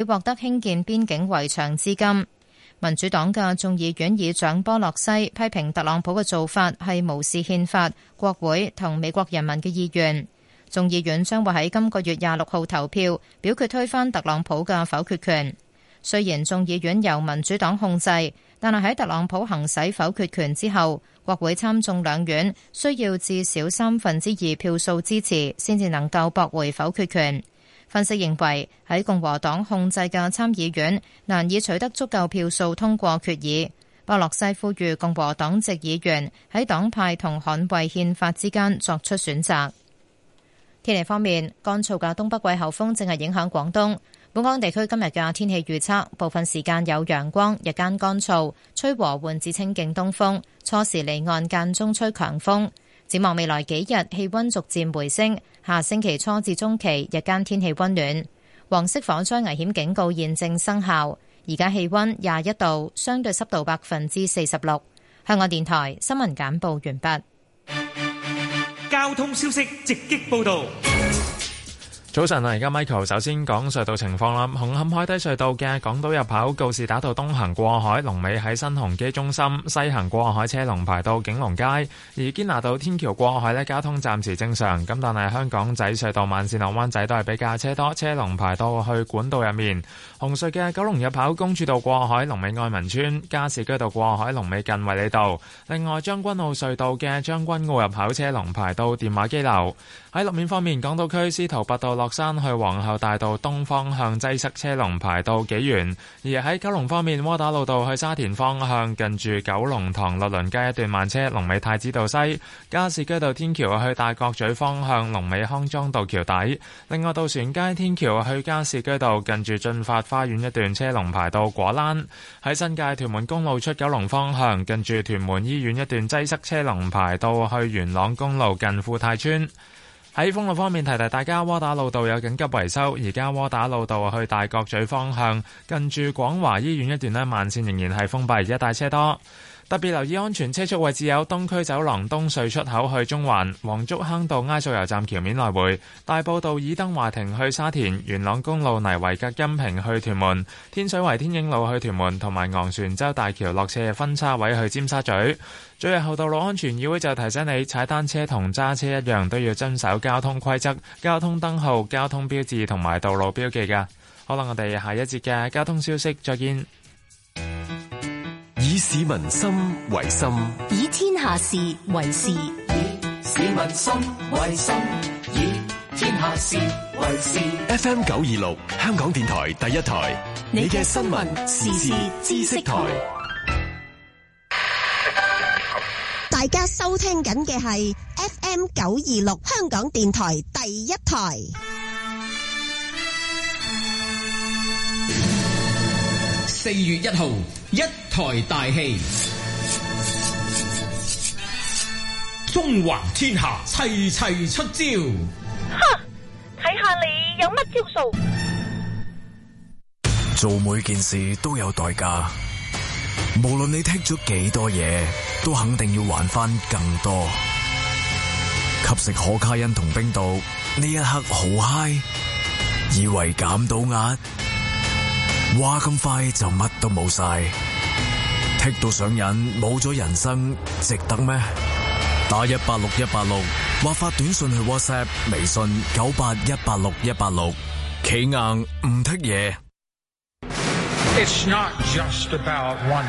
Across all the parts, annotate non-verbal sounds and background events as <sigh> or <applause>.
要獲得興建邊境圍牆資金，民主黨嘅眾議院議長波洛西批評特朗普嘅做法係無視憲法、國會同美國人民嘅意願。眾議院將會喺今個月廿六號投票表決推翻特朗普嘅否決權。雖然眾議院由民主黨控制，但係喺特朗普行使否決權之後，國會參眾兩院需要至少三分之二票數支持，先至能夠駁回否決權。分析認為，喺共和黨控制嘅參議院難以取得足夠票數通過決議。巴洛西呼籲共和黨籍議員喺黨派同捍衞憲法之間作出選擇。天氣方面，乾燥嘅東北季候風正係影響廣東。本港地區今日嘅天氣預測，部分時間有陽光，日間乾燥，吹和緩至清勁東風，初時離岸間中吹強風。展望未來幾日，氣溫逐漸回升。下星期初至中期，日間天氣溫暖。黃色火災危險警告現正生效。而家氣溫廿一度，相對濕度百分之四十六。香港電台新聞簡報完畢。交通消息直擊報道。早晨啊！而家 Michael 首先講隧道情況啦。紅磡海底隧道嘅港島入口告士打道東行過海，龍尾喺新鴻基中心；西行過海車龍排到景隆街。而堅拿道天橋過海咧，交通暫時正常。咁但係香港仔隧道慢線、落灣仔都係比較車多，車龍排到去管道入面。紅隧嘅九龍入口公主道過海，龍尾愛民村；加士居道過海，龍尾近惠利道。另外，將軍澳隧道嘅將軍澳入口車龍排到電話機樓，喺路面方面，港島區司徒拔道落。落山去皇后大道東方向擠塞，車龍排到幾遠，而喺九龍方面，窩打老道去沙田方向近住九龍塘律倫街一段慢車，龍尾太子道西；加士居道天橋去大角咀方向龍尾康莊道橋底。另外，渡船街天橋去加士居道近住駿發花園一段車龍排到果欄。喺新界屯門公路出九龍方向近住屯門醫院一段擠塞，車龍排到去元朗公路近富泰村。喺封路方面，提提大家，窩打老道有緊急維修，而家窩打老道去大角咀方向，近住廣華醫院一段呢，慢線仍然係封閉，一帶車多。特別留意安全車速位置有東區走廊東隧出口，去中環、黃竹坑道埃索油站橋面來回、大埔道爾登華庭去沙田、元朗公路泥圍隔音屏去屯門、天水圍天影路去屯門，同埋昂船洲大橋落車嘅分叉位去尖沙咀。最後，道路安全議會就提醒你，踩單車同揸車一樣，都要遵守交通規則、交通燈號、交通標誌同埋道路標記噶。好啦，我哋下一節嘅交通消息再見。以市民心為心，以天下事為事。以市民心為心，以天下事為事。F M 九二六，香港電台第一台，你嘅新聞時事知識台。大家收聽緊嘅係 FM 九二六香港電台第一台。四月一號，一台大戲，中環天下齊齊出招。哈，睇下你有乜招數？做每件事都有代價，無論你聽咗幾多嘢，都肯定要還翻更多，吸食可卡因同冰毒，呢一刻好 high，以為減到壓，話咁快就乜都冇晒，剔到上癮，冇咗人生，值得咩？打一八六一八六，或發短信去 WhatsApp、微信九八一八六一八六，企硬唔剔嘢。It's not just about one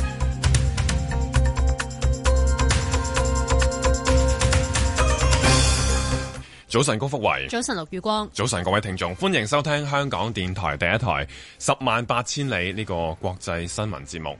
早晨，高福維。早晨，陸月光。早晨，各位聽眾，歡迎收聽香港電台第一台《十萬八千里》呢個國際新聞節目。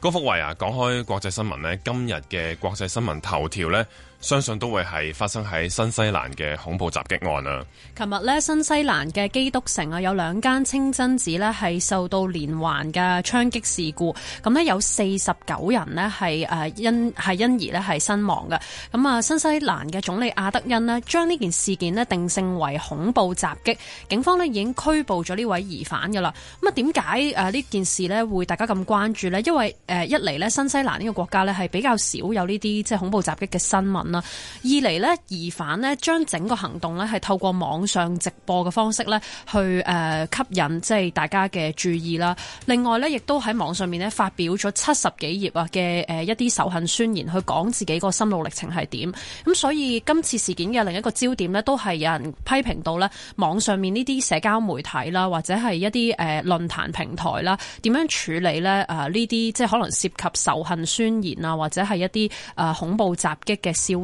高福維啊，講開國際新聞呢，今日嘅國際新聞頭條呢相信都會係發生喺新西蘭嘅恐怖襲擊案啊！琴日呢，新西蘭嘅基督城啊，有兩間清真寺呢係受到連環嘅槍擊事故，咁呢，有四十九人呢係誒因係因而呢係身亡嘅。咁啊，新西蘭嘅總理阿德恩呢將呢件事件呢定性為恐怖襲擊，警方呢已經拘捕咗呢位疑犯㗎喇。咁啊，點解誒呢件事呢會大家咁關注呢？因為誒一嚟呢，新西蘭呢個國家呢係比較少有呢啲即係恐怖襲擊嘅新聞。二嚟呢，疑犯呢將整個行動呢係透過網上直播嘅方式呢去誒吸引即係大家嘅注意啦。另外呢，亦都喺網上面呢發表咗七十幾頁啊嘅誒一啲仇恨宣言，去講自己個心路歷程係點。咁所以今次事件嘅另一個焦點呢，都係有人批評到呢網上面呢啲社交媒體啦，或者係一啲誒論壇平台啦，點樣處理呢？誒呢啲即係可能涉及仇恨宣言啊，或者係一啲誒恐怖襲擊嘅消。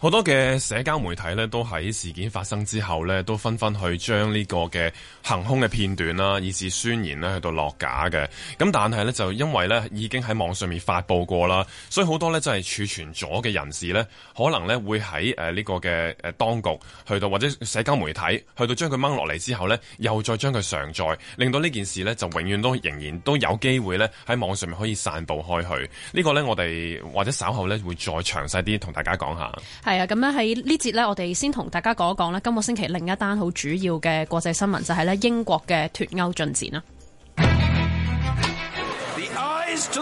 好多嘅社交媒體呢都喺事件發生之後呢都紛紛去將呢個嘅行凶嘅片段啦，以至宣言呢去到落架嘅。咁但係呢，就因為呢已經喺網上面發布過啦，所以好多呢，真係儲存咗嘅人士呢，可能呢會喺呢、呃這個嘅當局去到，或者社交媒體去到將佢掹落嚟之後呢，又再將佢上載，令到呢件事呢，就永遠都仍然都有機會呢，喺網上面可以散佈開去。呢、這個呢，我哋或者稍後呢，會再詳細啲同大家講下。係啊，咁咧喺呢節咧，我哋先同大家講一講咧，今個星期另一單好主要嘅國際新聞就係、是、咧英國嘅脫歐進展、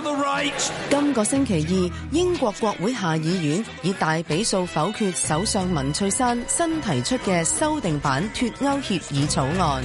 right. 今個星期二，英國國會下議院以大比數否決首相文翠珊新提出嘅修訂版脫歐協議草案。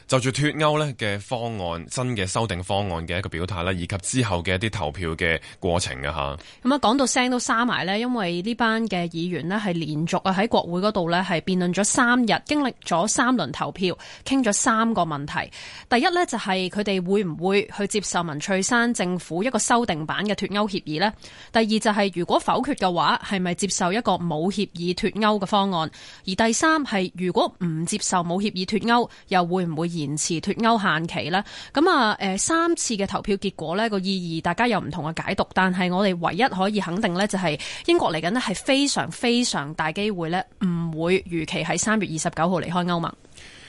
就住脫歐呢嘅方案，新嘅修訂方案嘅一個表態咧，以及之後嘅一啲投票嘅過程啊，嚇。咁啊，講到聲都沙埋呢，因為呢班嘅議員呢係連續啊喺國會嗰度呢係辯論咗三日，經歷咗三輪投票，傾咗三個問題。第一呢，就係佢哋會唔會去接受文翠珊政府一個修訂版嘅脫歐協議呢？第二就係、是、如果否決嘅話，係咪接受一個冇協議脫歐嘅方案？而第三係如果唔接受冇協議脫歐，又會唔會移延遲脱歐限期啦。咁啊，誒三次嘅投票結果呢個意義，大家有唔同嘅解讀，但係我哋唯一可以肯定呢，就係英國嚟緊呢係非常非常大機會呢唔會如期喺三月二十九號離開歐盟。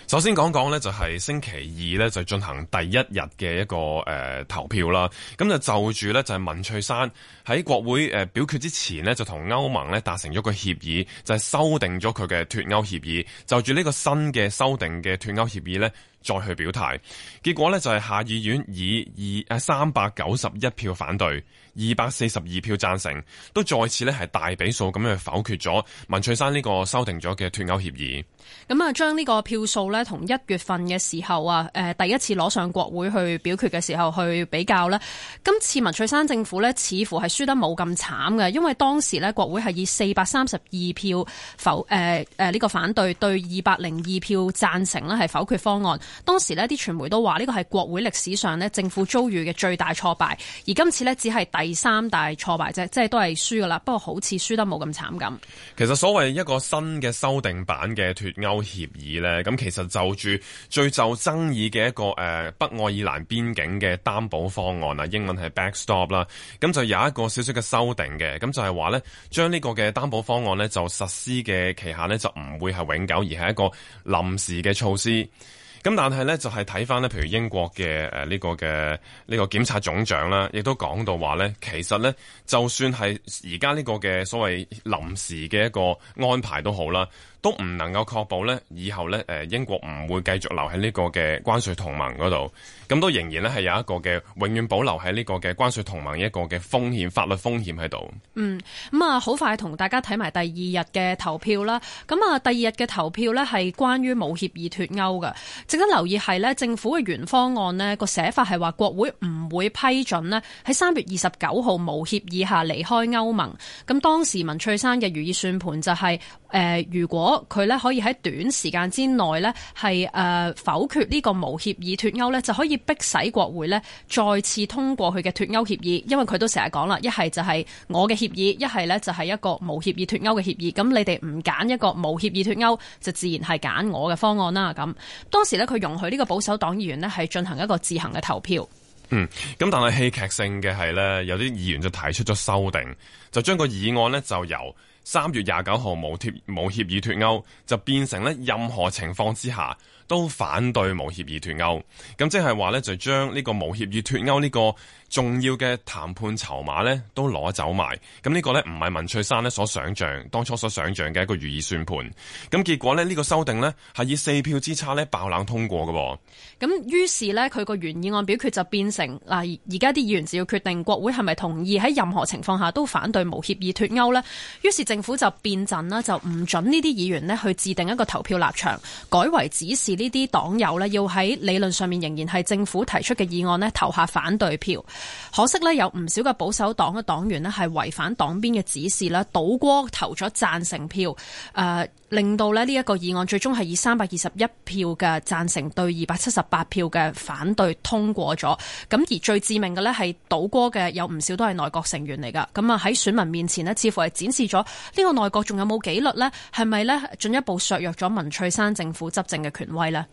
首先講講呢，就係星期二呢，就進行第一日嘅一個誒投票啦，咁就就住呢，就係文翠山喺國會誒表決之前呢，就同歐盟呢達成咗個協議，就係修訂咗佢嘅脱歐協議，就住呢個新嘅修訂嘅脱歐協議呢。再去表態，結果呢，就係下議院以二誒三百九十一票反對，二百四十二票贊成，都再次呢係大比數咁樣否決咗文翠珊呢個修訂咗嘅脱歐協議。咁啊，將呢個票數呢，同一月份嘅時候啊、呃，第一次攞上國會去表決嘅時候去比較呢。今次文翠珊政府呢，似乎係輸得冇咁慘嘅，因為當時呢，國會係以四百三十二票否呢、呃呃呢個反對對二百零二票贊成啦係否決方案。當時呢啲傳媒都話呢個係國會歷史上呢，政府遭遇嘅最大挫敗，而今次呢只係第三大挫敗啫，即係都係輸㗎喇。不過好似輸得冇咁慘咁。其實所謂一個新嘅修訂版嘅脱歐協議呢，咁其實就住最受爭議嘅一個誒、呃、北愛爾蘭邊境嘅擔保方案啊，英文係 backstop 啦。咁就有一個少少嘅修訂嘅，咁就係話呢，將呢個嘅擔保方案呢，就實施嘅期限呢，就唔會係永久，而係一個臨時嘅措施。咁但係咧，就係睇翻咧，譬如英國嘅呃呢個嘅呢個檢察總長啦，亦都講到話咧，其實咧，就算係而家呢個嘅所謂臨時嘅一個安排都好啦。都唔能夠確保呢。以後呢，誒英國唔會繼續留喺呢個嘅關稅同盟嗰度，咁都仍然咧係有一個嘅永遠保留喺呢個嘅關稅同盟一個嘅風險、法律風險喺度。嗯，咁、嗯、啊，好快同大家睇埋第二日嘅投票啦。咁、嗯、啊，第二日嘅投票呢，係關於冇協議脱歐嘅。值得留意係呢政府嘅原方案呢個寫法係話國會唔會批准呢喺三月二十九號冇協議下離開歐盟。咁、嗯、當時文翠珊嘅如意算盤就係、是、誒、呃，如果佢咧可以喺短時間之內呢係誒否決呢個無協議脱歐呢，就可以迫使國會呢再次通過佢嘅脱歐協議。因為佢都成日講啦，一係就係我嘅協議，一係呢就係一個無協議脱歐嘅協議。咁你哋唔揀一個無協議脱歐，就自然係揀我嘅方案啦。咁當時呢，佢容許呢個保守黨議員咧係進行一個自行嘅投票。嗯，咁但係戲劇性嘅係呢，有啲議員就提出咗修訂，就將個議案呢就由。三月廿九號無協無協議脱歐，就變成任何情況之下都反對無協議脱歐。咁即係話咧，就將呢個無協議脱歐呢個重要嘅談判籌碼呢都攞走埋。咁呢個呢，唔係文翠珊呢所想象當初所想象嘅一個如意算盤。咁結果呢，呢個修訂呢，係以四票之差呢爆冷通過嘅。咁於是呢，佢個原議案表決就變成嗱，而家啲議員只要決定國會係咪同意喺任何情況下都反對無協議脱歐呢，於是政府就變陣啦，就唔准呢啲議員呢去制定一個投票立場，改為指示呢啲黨友呢要喺理論上面仍然係政府提出嘅議案呢投下反對票。可惜呢，有唔少嘅保守黨嘅黨員呢係違反黨鞭嘅指示啦，倒戈投咗贊成票，誒、呃，令到呢一個議案最終係以三百二十一票嘅贊成對二百七十八票嘅反對通過咗。咁而最致命嘅呢係倒戈嘅有唔少都係內閣成員嚟噶。咁啊喺選民面前呢，似乎係展示咗呢個內閣仲有冇紀律呢？係咪呢進一步削弱咗文翠珊政府執政嘅權威呢？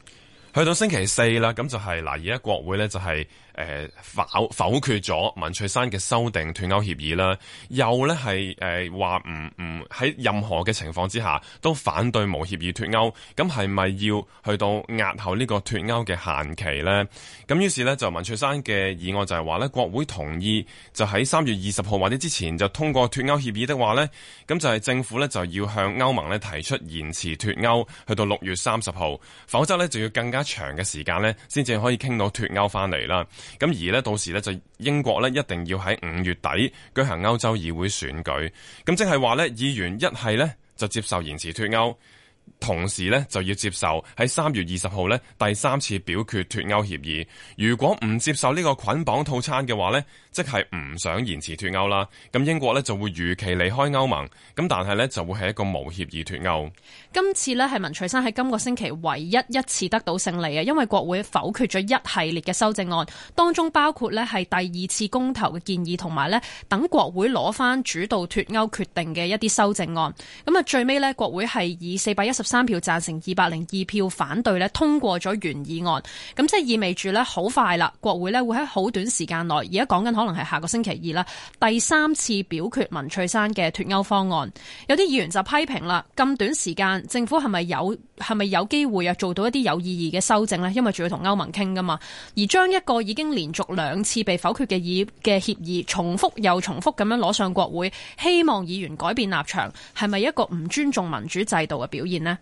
去到星期四啦，咁就係、是、嗱，而家國會呢就係、是。誒、呃、否否決咗文翠山嘅修訂脫歐協議啦，又呢係話唔唔喺任何嘅情況之下都反對無協議脫歐，咁係咪要去到押後呢個脫歐嘅限期呢？咁於是呢，就文翠山嘅議案就係話呢，國會同意就喺三月二十號或者之前就通過脫歐協議的話呢，咁就係政府呢就要向歐盟呢提出延遲脫歐去到六月三十號，否則呢就要更加長嘅時間呢先至可以傾到脫歐翻嚟啦。咁而呢到時呢，就英國呢一定要喺五月底舉行歐洲議會選舉，咁即係話呢議員一係呢就接受延遲脱歐，同時呢就要接受喺三月二十號呢第三次表決脱歐協議，如果唔接受呢個捆綁套餐嘅話呢。即係唔想延遲脱歐啦，咁英國呢就會如期離開歐盟，咁但係呢就會係一個無協議脱歐。今次呢係文翠珊喺今個星期唯一一次得到勝利啊！因為國會否決咗一系列嘅修正案，當中包括呢係第二次公投嘅建議，同埋呢等國會攞翻主導脱歐決定嘅一啲修正案。咁啊最尾呢，國會係以四百一十三票贊成，二百零二票反對呢通過咗原議案。咁即係意味住呢好快啦，國會呢會喺好短時間內，而家講緊可能。係下個星期二啦，第三次表決文翠山嘅脫歐方案，有啲議員就批評啦。咁短時間，政府係咪有係咪有機會啊做到一啲有意義嘅修正呢？因為仲要同歐盟傾噶嘛，而將一個已經連續兩次被否決嘅議嘅協議，重複又重複咁樣攞上國會，希望議員改變立場，係咪一個唔尊重民主制度嘅表現呢？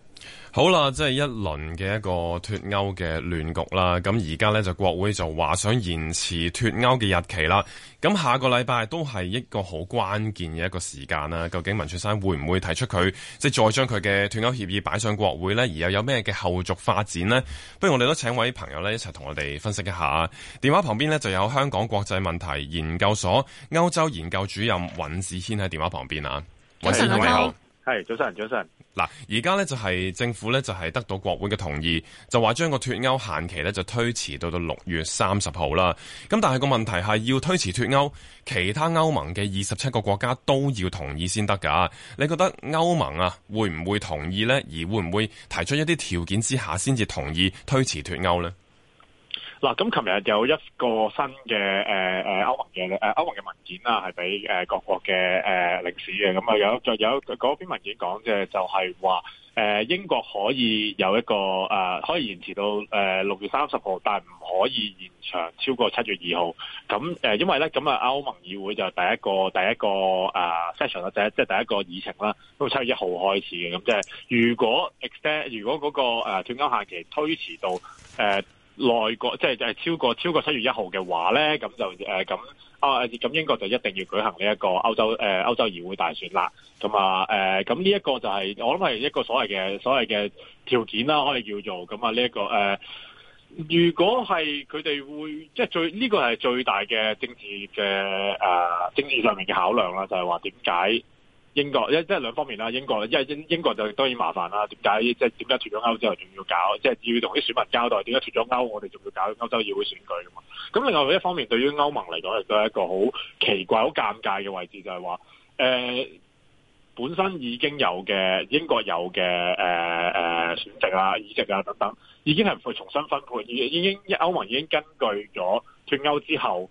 好啦，即係一輪嘅一個脫歐嘅亂局啦。咁而家呢，就國會就話想延遲脫歐嘅日期啦。咁下個禮拜都係一個好關鍵嘅一個時間啦。究竟文翠珊會唔會提出佢即係再將佢嘅脫歐協議擺上國會呢？而又有咩嘅後續發展呢？不如我哋都請位朋友呢，一齊同我哋分析一下。電話旁邊呢，就有香港國際問題研究所歐洲研究主任尹志軒喺電話旁邊啊。尹先生你好。係早晨，早晨。嗱，而家咧就係政府咧就係得到國會嘅同意，就話將個脫歐限期咧就推遲到到六月三十號啦。咁但係個問題係要推遲脫歐，其他歐盟嘅二十七個國家都要同意先得噶。你覺得歐盟啊會唔會同意呢？而會唔會提出一啲條件之下先至同意推遲脫歐呢？嗱，咁琴日有一個新嘅誒誒歐盟嘅誒歐盟嘅文件啦，係俾誒各國嘅誒領事嘅，咁啊有再有嗰篇文件講嘅就係話，誒英國可以有一個誒可以延遲到誒六月三十號，但係唔可以延長超過七月二號。咁誒因為咧咁啊歐盟議會就第一個第一個誒 session 啦，第即係第一個議程啦，都、就、七、是、月一號開始嘅。咁即係如果 extend，如果嗰個誒斷交下期推遲到誒。呃內國即係超過超過七月一號嘅話咧，咁就咁啊，咁、呃、英國就一定要舉行呢一個歐洲、呃、歐洲議會大選啦。咁啊咁呢一個就係、是、我諗係一個所謂嘅所謂嘅條件啦，可以叫做咁啊呢一個誒、呃，如果係佢哋會即係最呢、這個係最大嘅政治嘅誒、呃、政治上面嘅考量啦，就係話點解？英國因為即係兩方面啦，英國因為英英國就當然麻煩啦。點解即係點解脫咗歐之後仲要搞？即係要同啲選民交代點解脫咗歐，我哋仲要搞歐洲議會選舉噶嘛？咁另外一方面，對於歐盟嚟講亦都係一個好奇怪、好尷尬嘅位置就是，就係話誒本身已經有嘅英國有嘅誒誒選席啊、議席啊等等，已經係唔會重新分配，已經歐盟已經根據咗脫歐之後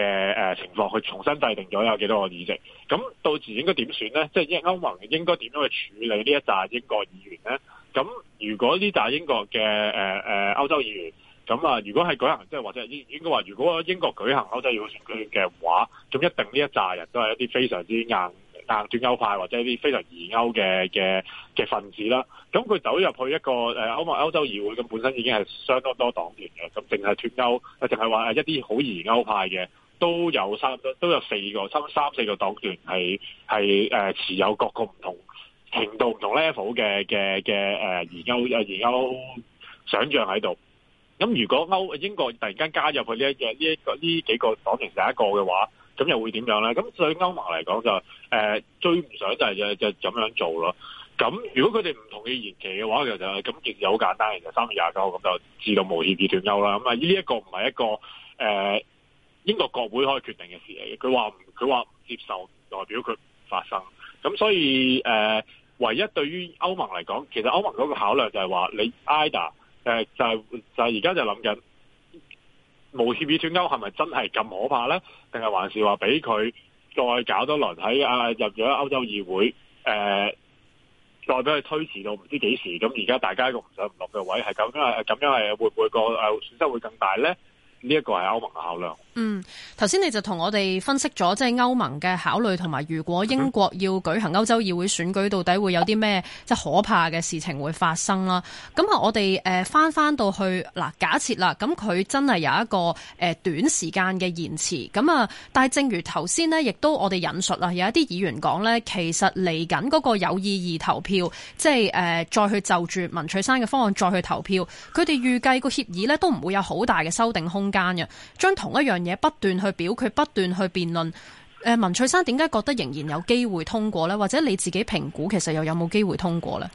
嘅情況去重新制定咗有幾多個議席，咁到時應該點算呢？即係歐盟應該點樣去處理呢一紮英國議員呢？咁如果呢一紮英國嘅誒歐洲議員，咁如果係舉行即係或者應該話，如果英國舉行歐洲議會選舉嘅話，咁一定呢一紮人都係一啲非常之硬硬脫歐派或者一啲非常疑歐嘅嘅嘅份子啦。咁佢走入去一個誒歐盟歐洲議會，咁本身已經係相當多黨團嘅，咁淨係脱歐淨係話一啲好疑歐派嘅。都有三都有四個，三三四個黨團係係誒持有各個唔同程度唔同 level 嘅嘅嘅誒研究又研究想象喺度。咁如果歐英國突然間加入去呢一嘅呢一個呢幾個黨團第一個嘅話，咁又會點樣咧？咁對歐盟嚟講就誒、呃、最唔想就係、係、就就是、咁樣做咯。咁如果佢哋唔同意延期嘅話，其實咁亦有好簡單，其實三月廿九咁就自動無協議斷歐啦。咁啊呢一個唔係一個誒。呃英國國會可以決定嘅事嚟嘅，佢話佢話唔接受，代表佢唔發生。咁所以誒、呃，唯一對於歐盟嚟講，其實歐盟嗰個考量就係話，你 IDA 誒、呃、就係、是、就係而家就諗緊無協議脱歐係咪真係咁可怕咧？定係還是話俾佢再搞多輪喺啊入咗歐洲議會誒、呃，再俾佢推遲到唔知幾時？咁而家大家一個唔想唔落嘅位係咁樣係咁樣係會唔會個誒損失會更大咧？呢、這、一個係歐盟嘅考量。嗯，頭先你就同我哋分析咗，即係歐盟嘅考慮同埋，如果英國要舉行歐洲議會選舉，到底會有啲咩即係可怕嘅事情會發生啦？咁啊，我哋誒翻翻到去嗱，假設啦，咁佢真係有一個誒短時間嘅延遲，咁啊，但係正如頭先呢，亦都我哋引述啦，有一啲議員講呢，其實嚟緊嗰個有意義投票，即係誒再去就住文翠珊嘅方案再去投票，佢哋預計個協議呢，都唔會有好大嘅修訂空間嘅，將同一樣。嘢，不斷去表決，不斷去辯論。誒、呃，文翠珊點解覺得仍然有機會通過咧？或者你自己評估，其實又有冇機會通過咧？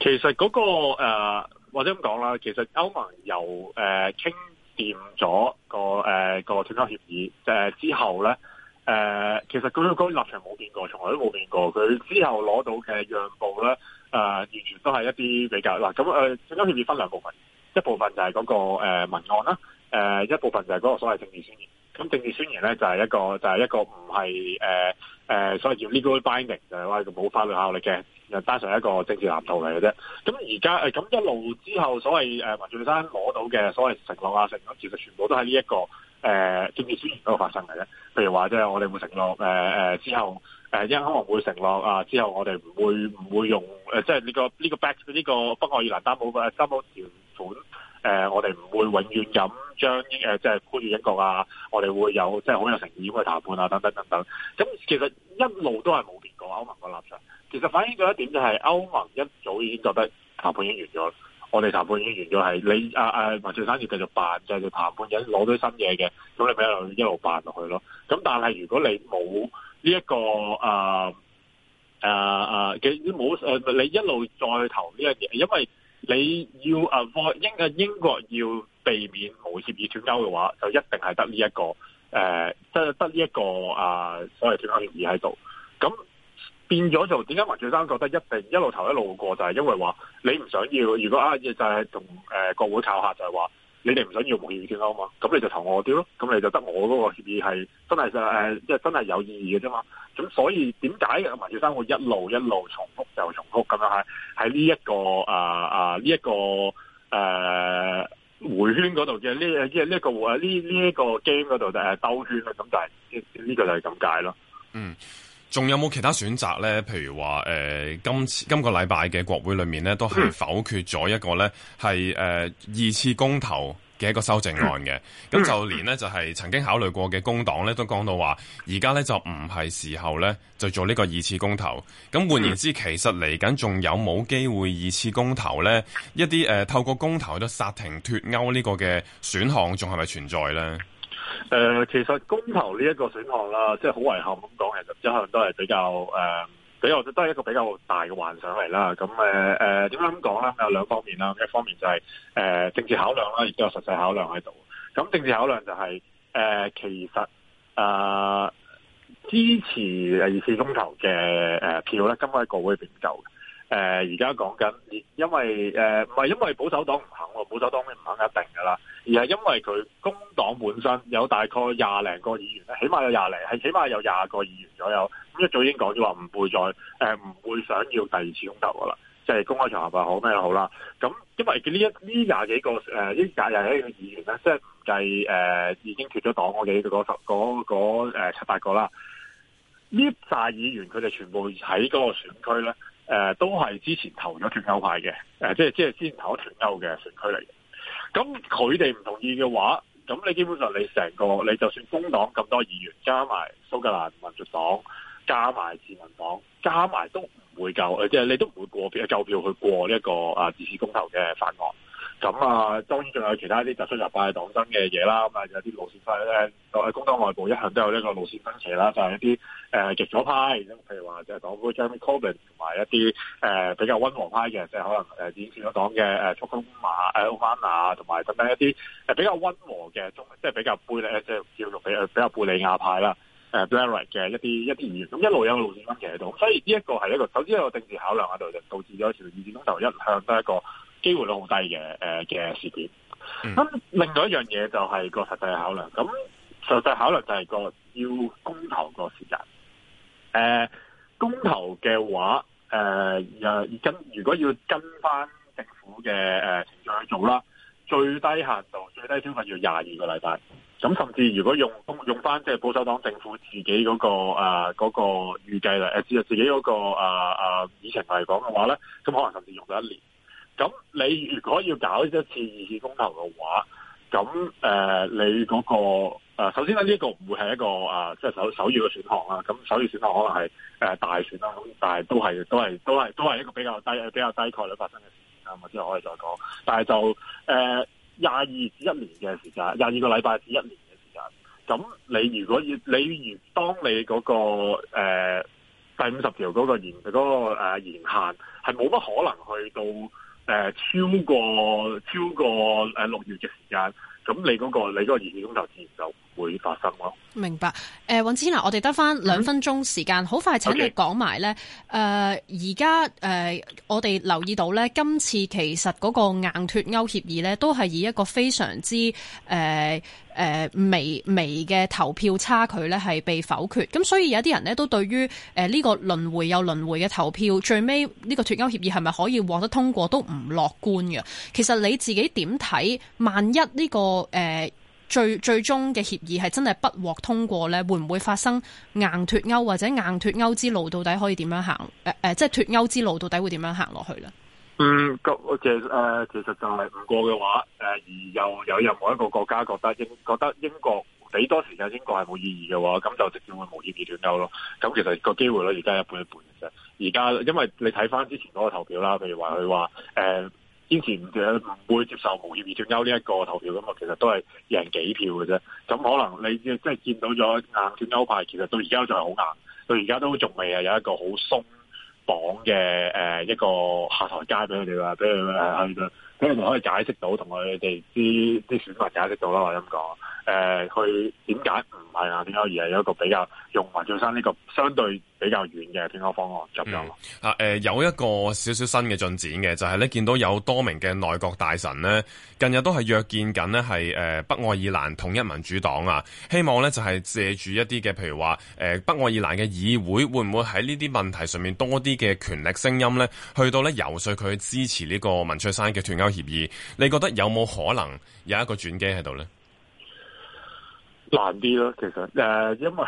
其實嗰、那個、呃、或者咁講啦。其實歐盟由誒傾掂咗個誒、呃那個脫歐協議誒之後咧，誒、呃、其實佢嗰個立場冇變過，從來都冇變過。佢之後攞到嘅讓步咧，誒、呃、完全都係一啲比較嗱。咁誒脫歐協議分兩部分，一部分就係嗰、那個文、呃、案啦。誒、呃、一部分就係嗰個所謂政治宣言，咁政治宣言咧就係、係、一個就係、係、一個唔係誒誒，所謂叫 legal binding，就係話冇法律效力嘅，就單純一個政治藍圖嚟嘅啫。咁而家誒咁一路之後，所謂誒文、呃、翠珊攞到嘅所謂承諾啊承諾，其實全部都喺呢一個誒、呃、政治宣言度發生嘅啫。譬如話即係我哋會承諾誒誒、呃、之後誒可能會承諾啊，之後我哋唔會唔會用誒即係呢個呢、呢個 back 呢個北愛爾蘭擔保嘅擔保條款。誒、呃，我哋唔會永遠咁將誒、呃，即係潘與英國啊，我哋會有即係好有誠意咁去談判啊，等等等等。咁其實一路都係冇變過歐盟個立場。其實反映咗一點就係歐盟一早已經覺得談判已經完咗，我哋談判已經完咗係你啊啊，文翠珊要繼續辦，就係佢談判緊攞到新嘢嘅，咁你咪一路一路辦落去咯。咁但係如果你冇呢一個、呃呃、啊嘅冇、呃、你一路再投呢樣嘢，因為。你要啊 avoid 英國要避免無協議脫歐嘅話，就一定係得呢、這、一個即、呃、得得呢、這、一個啊、呃、所謂脫歐協議喺度。咁變咗就點解民主黨覺得一定一路頭一路過，就係、是、因為話你唔想要，如果啊就係同誒國會靠下，就係、是、話。你哋唔想要無意見咯嘛？咁你就投我啲咯，咁你就得我嗰個協議係真係就即係真係有意義嘅啫嘛。咁所以點解文翠珊會一路一路重複就重複咁樣係喺呢一個啊啊呢一、呢個誒迴、啊、圈嗰度嘅呢呢一個啊呢呢一個 game 嗰度誒兜圈啦咁就係、是、呢、呢個就係咁解咯。嗯。仲有冇其他選擇呢？譬如話，誒、呃、今次今個禮拜嘅國會裏面呢都係否決咗一個呢係誒、呃、二次公投嘅一個修正案嘅。咁就連呢就係、是、曾經考慮過嘅工黨呢都講到話而家呢就唔係時候呢，就做呢個二次公投。咁換言之，其實嚟緊仲有冇機會二次公投呢？一啲誒、呃、透過公投都煞停脱歐呢個嘅選項，仲係咪存在呢？誒、呃，其實公投呢一個選項啦，即係好遺憾咁講，其實可能都係比較誒，比、呃、較都係一個比較大嘅幻想嚟啦。咁誒，誒、呃，點樣咁講咧？有兩方面啦，一方面就係、是、誒、呃、政治考量啦，亦都有實際考量喺度。咁政治考量就係、是、誒、呃，其實誒、呃、支持二次公投嘅誒、呃、票咧，今屆國會並唔夠嘅。誒，而家講緊，因為誒唔係因為保守黨唔肯，保守黨唔肯一定噶啦，而係因為佢工黨本身有大概廿零個議員咧，起碼有廿零，係起碼有廿個議員左右。咁一早已經講咗話，唔會再誒唔會想要第二次公投噶啦，即係公開場合又好咩好啦。咁因為呢一呢廿幾個誒一廿廿幾個議員咧，即係唔計誒已經脫咗黨嗰幾嗰嗰嗰誒七八個啦，呢大議員佢哋全部喺嗰個選區咧。誒都係之前投咗脫歐派嘅，即係即係之前投咗脫歐嘅選區嚟，咁佢哋唔同意嘅話，咁你基本上你成個你就算工黨咁多議員，加埋蘇格蘭民族黨，加埋自民黨，加埋都唔會夠，即係你都唔會過票，夠票去過呢一個啊自治公投嘅法案。咁啊，當然仲有其他啲特出入派黨爭嘅嘢啦，咁啊有啲路線分誒，誒工黨內部一向都有呢個路線分歧啦，就係、是、一啲誒、呃、極左派，譬如話就係黨魁 Jeremy Corbyn 同埋一啲誒、呃、比較溫和派嘅，即係可能誒影咗黨嘅誒速通馬誒 Owen 啊，同埋等等一啲比較溫和嘅中，即、就、係、是、比較貝呢，即、就、係、是、叫做比較貝利亞派啦，誒、呃、Barrack 嘅一啲一啲議員，咁一路有一個路線分歧喺度，所以呢一個係一個，首先一個政治考量下就導致咗條議事通就一向都一個。機會率好低嘅，誒嘅事件。咁、嗯、另外一樣嘢就係個實際考量。咁實際考量就係個要公投個時間。誒公投嘅話，誒又跟如果要跟翻政府嘅誒程序去做啦，最低限度最低消費要廿二個禮拜。咁甚至如果用公用翻即係保守黨政府自己嗰、嗰個啊嗰、嗰個預計啦，誒自自己嗰、嗰個啊啊議程嚟講嘅話咧，咁可能甚至用咗一年。咁你如果要搞一次二次公投嘅話，咁誒、呃、你嗰、那個誒、呃、首先咧呢個唔會係一個誒即係首首要嘅選項啦。咁首要選項可能係誒、呃、大選啦，但係都係都係都係都係一個比較低比較低概率發生嘅事件啦。咁之後可以再講。但係就誒廿二至一年嘅時間，廿二個禮拜至一年嘅時間，咁你如果要你如當你嗰、那個誒、呃、第五十條嗰個延嗰、那個誒延限係冇乜可能去到。誒超過超過六月嘅時間，咁你嗰、那個你嗰個熱氣自然就會發生咯。明白。誒、呃，尹子軒我哋得返兩分鐘時間，好、嗯、快請你講埋呢。誒、okay. 呃，而家誒，我哋留意到呢，今次其實嗰個硬脱歐協議呢，都係以一個非常之誒誒、呃呃、微微嘅投票差距呢，係被否決。咁所以有啲人呢，都對於呢個輪迴又輪迴嘅投票，最尾呢個脱歐協議係咪可以獲得通過，都唔樂觀嘅。其實你自己點睇？萬一呢、這個誒？呃最最終嘅協議係真係不獲通過咧，會唔會發生硬脱歐或者硬脱歐之路到底可以點樣行？誒、呃、誒，即係脱歐之路到底會點樣行落去咧？嗯，咁其實誒、呃、其實就係唔過嘅話，誒、呃、而又有，有任何一個國家覺得英覺得英，覺得英國俾多時間英國係冇意義嘅話，咁就直接會冇意義脱歐咯。咁其實個機會咧，而家一半一半嘅啫。而家因為你睇翻之前嗰個投票啦，譬如話佢話誒。嗯呃之持唔會接受無協議脱歐呢一個投票咁啊，其實都係贏幾票嘅啫。咁可能你即係見到咗硬脱歐派，其實到而家仲係好硬。到而家都仲未啊，有一個好鬆綁嘅誒一個下台階俾佢哋啊，俾佢誒去，俾你咪可以解釋到，同佢哋啲啲選民解釋到啦，我咁講。誒、呃，去點解唔係啊？點解而係有一個比較用文翠珊呢個相對比較遠嘅脫歐方案咁樣、嗯、啊？誒、呃，有一個少少新嘅進展嘅，就係、是、咧見到有多名嘅內閣大臣咧，近日都係約見緊咧，係誒、呃、北愛爾蘭統一民主黨啊。希望咧就係借住一啲嘅，譬如話誒、呃、北愛爾蘭嘅議會會唔會喺呢啲問題上面多啲嘅權力聲音咧，去到咧遊說佢支持呢個文翠珊嘅脫歐協議？你覺得有冇可能有一個轉機喺度咧？難啲咯，其實誒、呃，因為誒、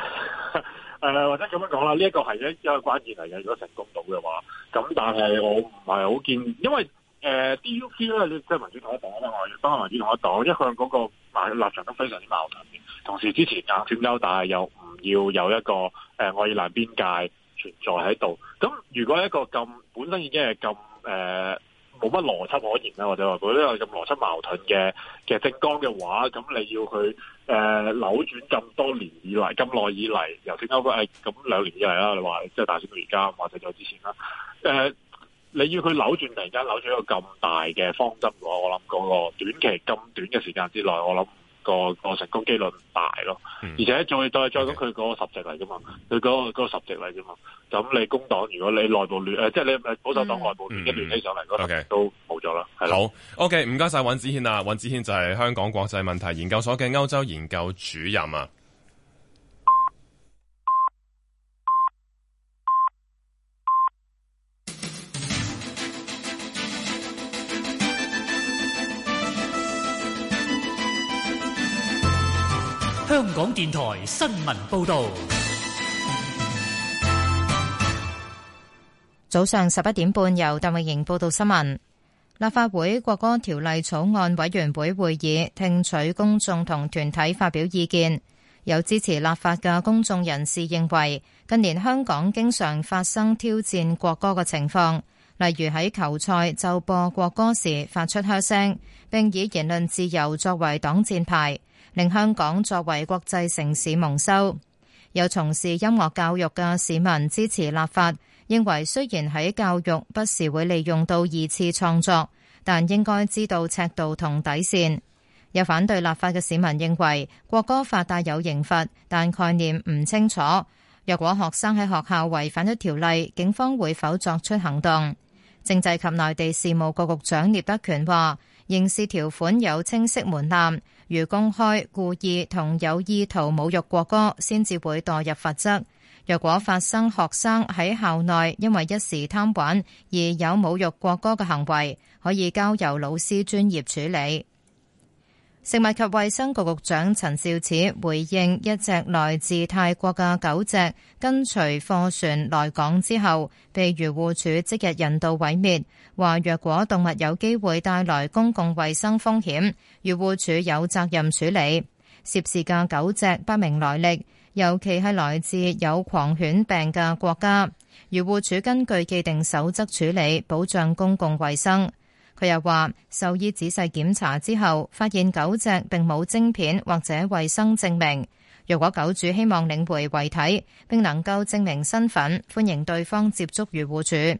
呃、或者咁樣講啦，呢、這、一個係一一個關鍵嚟嘅，如果成功到嘅話，咁但係我唔係好建議，因為誒 DUP 咧，你、呃、即係民主黨一黨我當然民主黨一黨，一向嗰個立立場都非常之矛盾，同時之前啊，團結，但係又唔要有一個誒愛爾蘭邊界存在喺度，咁如果一個咁本身已經係咁誒。呃冇乜邏輯可言啦，或者話佢都有咁邏輯矛盾嘅，其實政綱嘅話，咁你要佢誒、呃、扭轉咁多年以嚟、咁耐以嚟，尤其是歐巴，咁、哎、兩年以嚟啦，你話即係大選到而家，或者咗之前啦，誒、呃、你要佢扭轉，突然間扭轉一個咁大嘅方針嘅話，我諗嗰個短期咁短嘅時間之內，我諗。個個成功幾率唔大咯、嗯，而且再再再講佢嗰個十席嚟噶嘛，佢、okay. 嗰、那個嗰、那個十席嚟噶嘛，咁你工黨如果你內部聯誒，即、嗯、係、呃就是、你保守黨內部聯一聯起上嚟嗰度都冇咗啦，係、okay. 啦。好，OK，唔該晒尹子謙啊，尹子軒就係香港國際問題研究所嘅歐洲研究主任啊。香港電台新聞報道，早上十一點半由鄧穎瑩報道新聞。立法會國歌條例草案委員會會議聽取公眾同團體發表意見。有支持立法嘅公眾人士認為，近年香港經常發生挑戰國歌嘅情況，例如喺球賽奏播國歌時發出噓聲，並以言論自由作為擋箭牌。令香港作為國際城市蒙羞。有從事音樂教育嘅市民支持立法，認為雖然喺教育不時會利用到二次創作，但應該知道尺度同底線。有反對立法嘅市民認為國歌法帶有刑罰，但概念唔清楚。若果學生喺學校違反咗條例，警方會否作出行動？政制及內地事務局局長聶德權話：刑事條款有清晰門檻。如公開、故意同有意圖侮辱國歌，先至會墮入罰則。若果發生學生喺校內因為一時貪玩而有侮辱國歌嘅行為，可以交由老師專業處理。食物及衛生局局長陳肇始回應一隻來自泰國嘅狗隻跟隨貨船來港之後，被漁護署即日人道毀滅。話若果動物有機會帶來公共衛生風險，漁護署有責任處理。涉事嘅狗隻不明來歷，尤其係來自有狂犬病嘅國家。漁護署根據既定守則處理，保障公共衛生。佢又話，獸醫仔細檢查之後，發現狗隻並冇晶片或者衛生證明。若果狗主希望領回遺體，並能夠證明身份，歡迎對方接觸漁護署。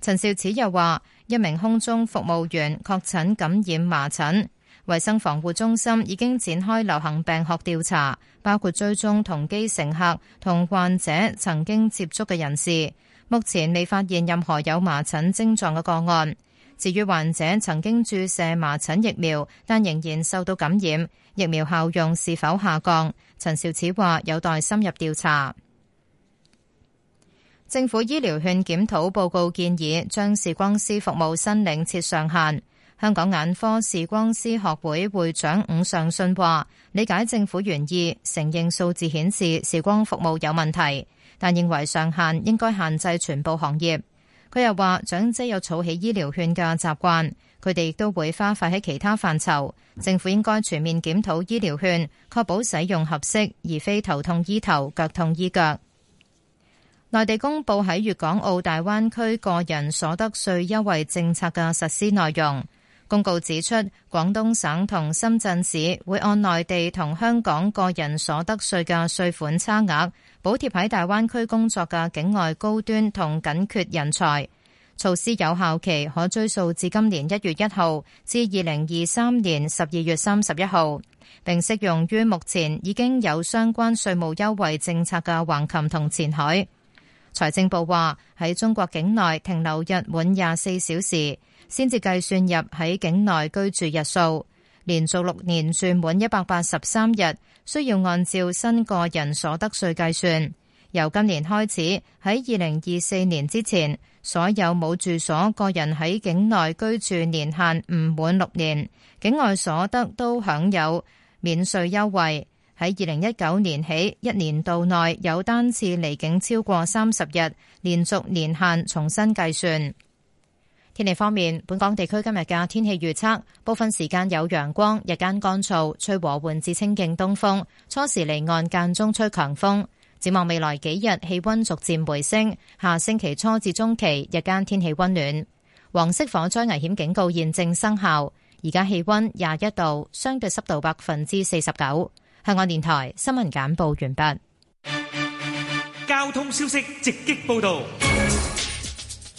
陳肇始又話，一名空中服務員確診感染麻疹，衛生防護中心已經展開流行病學調查，包括追蹤同機乘客同患者曾經接觸嘅人士。目前未發現任何有麻疹症狀嘅個案。至於患者曾經注射麻疹疫苗，但仍然受到感染，疫苗效用是否下降？陳肇始話有待深入調查。政府醫療券檢討報告建議將視光師服務申領設上限。香港眼科視光師學會會長伍尚信話：理解政府原意，承認數字顯示視光服務有問題，但認為上限應該限制全部行業。佢又話：長者有儲起醫療券嘅習慣，佢哋亦都會花費喺其他範疇。政府應該全面檢討醫療券，確保使用合適，而非頭痛醫頭，腳痛醫腳。內地公佈喺粵港澳大灣區個人所得稅優惠政策嘅實施內容。公告指出，廣東省同深圳市會按內地同香港個人所得稅嘅稅款差額補貼喺大灣區工作嘅境外高端同緊缺人才。措施有效期可追溯至今年一月一號至二零二三年十二月三十一號，並適用於目前已經有相關稅務優惠政策嘅橫琴同前海。財政部話喺中國境內停留日滿廿四小時。先至計算入喺境內居住日數，連續六年算滿一百八十三日，需要按照新個人所得稅計算。由今年開始，喺二零二四年之前，所有冇住所個人喺境內居住年限唔滿六年，境外所得都享有免稅優惠。喺二零一九年起，一年度內有單次離境超過三十日，連續年限重新計算。天氣方面，本港地區今日嘅天氣預測，部分時間有陽光，日間乾燥，吹和緩至清勁東風，初時離岸間中吹強風。展望未來幾日，氣温逐漸回升，下星期初至中期日間天氣温暖。黃色火災危險警告現正生效，而家氣温廿一度，相對濕度百分之四十九。香港電台新聞簡報完畢。交通消息直擊報道。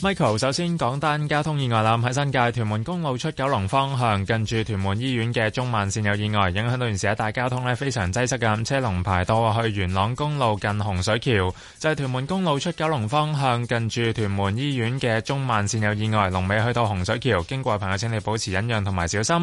Michael 首先講單交通意外啦，喺新界屯門公路出九龍方向，近住屯門醫院嘅中慢線有意外，影響到現時一帶交通呢，非常擠塞嘅，車龍排到去元朗公路近洪水橋，就係、是、屯門公路出九龍方向，近住屯門醫院嘅中慢線有意外，龍尾去到洪水橋，經過嘅朋友請你保持忍讓同埋小心。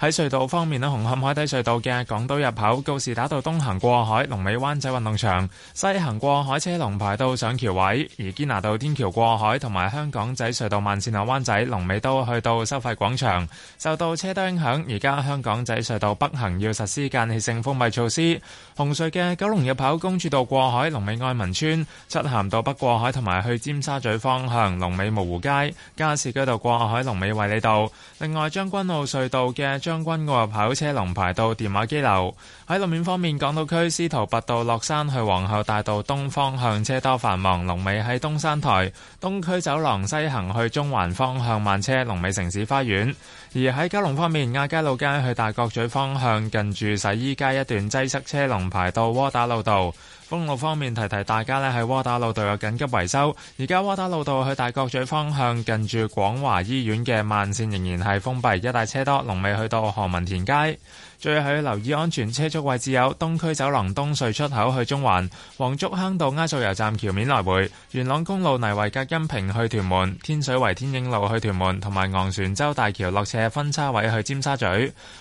喺隧道方面呢，紅磡海底隧道嘅港島入口告士打道東行過海，龍尾灣仔運動場西行過海，車龍排到上橋位，而堅拿道天橋過海同埋。香港仔隧道慢線路灣仔龍尾都去到收費廣場，受到車多影響，而家香港仔隧道北行要實施間歇性封閉措施。紅隧嘅九龍入口公主道過海龍尾愛民村，漆咸道北過海同埋去尖沙咀方向龍尾蕪湖街，加士居道過海龍尾衛理道。另外將軍澳隧道嘅將軍澳入口車龍排到電話機樓。喺路面方面，港島區司徒拔道落山去皇后大道東方向車多繁忙，龍尾喺東山台東區走廊西行去中環方向慢車，龍尾城市花園。而喺九龍方面，亞皆老街去大角咀方向近住洗衣街一段擠塞車龍排到窩打老道。公路方面，提提大家咧，喺窩打老道有緊急維修，而家窩打老道去大角咀方向近住廣華醫院嘅慢綫仍然係封閉，一帶車多，龍尾去到何文田街。最後要留意安全車速位置有東區走廊東隧出口去中環、黃竹坑道埃索油站橋面來回、元朗公路泥圍隔音屏去屯門、天水圍天影路去屯門，同埋昂船洲大橋落斜分叉位去尖沙咀。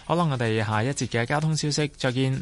好啦，我哋下一節嘅交通消息，再見。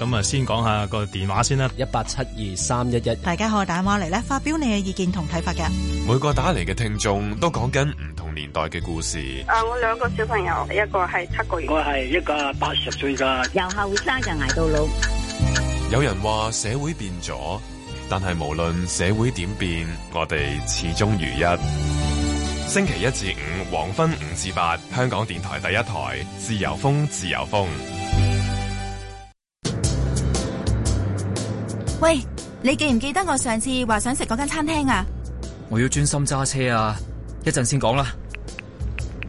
咁啊，先講下個電話先啦，一八七二三一一。大家可以打電話嚟咧，發表你嘅意見同睇法嘅。每個打嚟嘅聽眾都講緊唔同年代嘅故事。我兩個小朋友，一個係七個月，我係一個八十歲嘅。由後生人挨到老。有人話社會變咗，但係無論社會點變，我哋始終如一。星期一至五，黃昏五至八，香港電台第一台，自由風，自由風。喂，你記唔記得我上次話想食嗰間餐廳啊？我要專心揸車啊，一陣先講啦。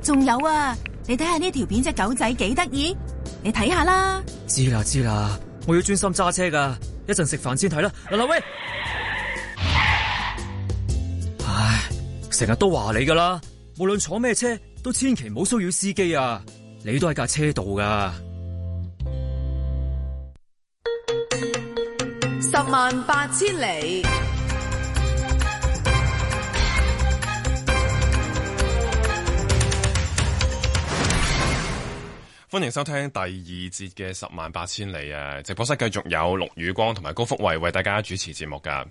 仲有啊，你睇下呢條片隻狗仔幾得意，你睇下啦。知啦知啦，我要專心揸車噶，一陣食飯先睇啦。嗱，喂！唉，成日都話你噶啦，無論坐咩車都千祈唔好騷擾司機啊。你都喺架車度噶。萬八千里，歡迎收聽第二節嘅《十萬八千里》啊！直播室繼續有陸宇光同埋高福慧為大家主持節目㗎。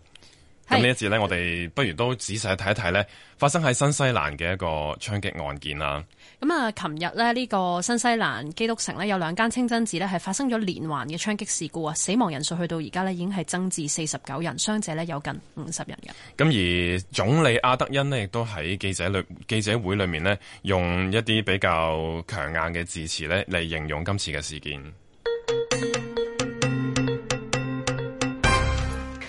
咁呢一次呢，我哋不如都仔細睇一睇呢，發生喺新西蘭嘅一個槍擊案件啦。咁啊，琴日呢，呢個新西蘭基督城呢，有兩間清真寺呢，係發生咗連環嘅槍擊事故啊，死亡人數去到而家呢，已經係增至四十九人，傷者呢，有近五十人嘅。咁而總理阿德恩呢，亦都喺記者裏記者會裏面呢，用一啲比較強硬嘅字詞呢嚟，形容今次嘅事件。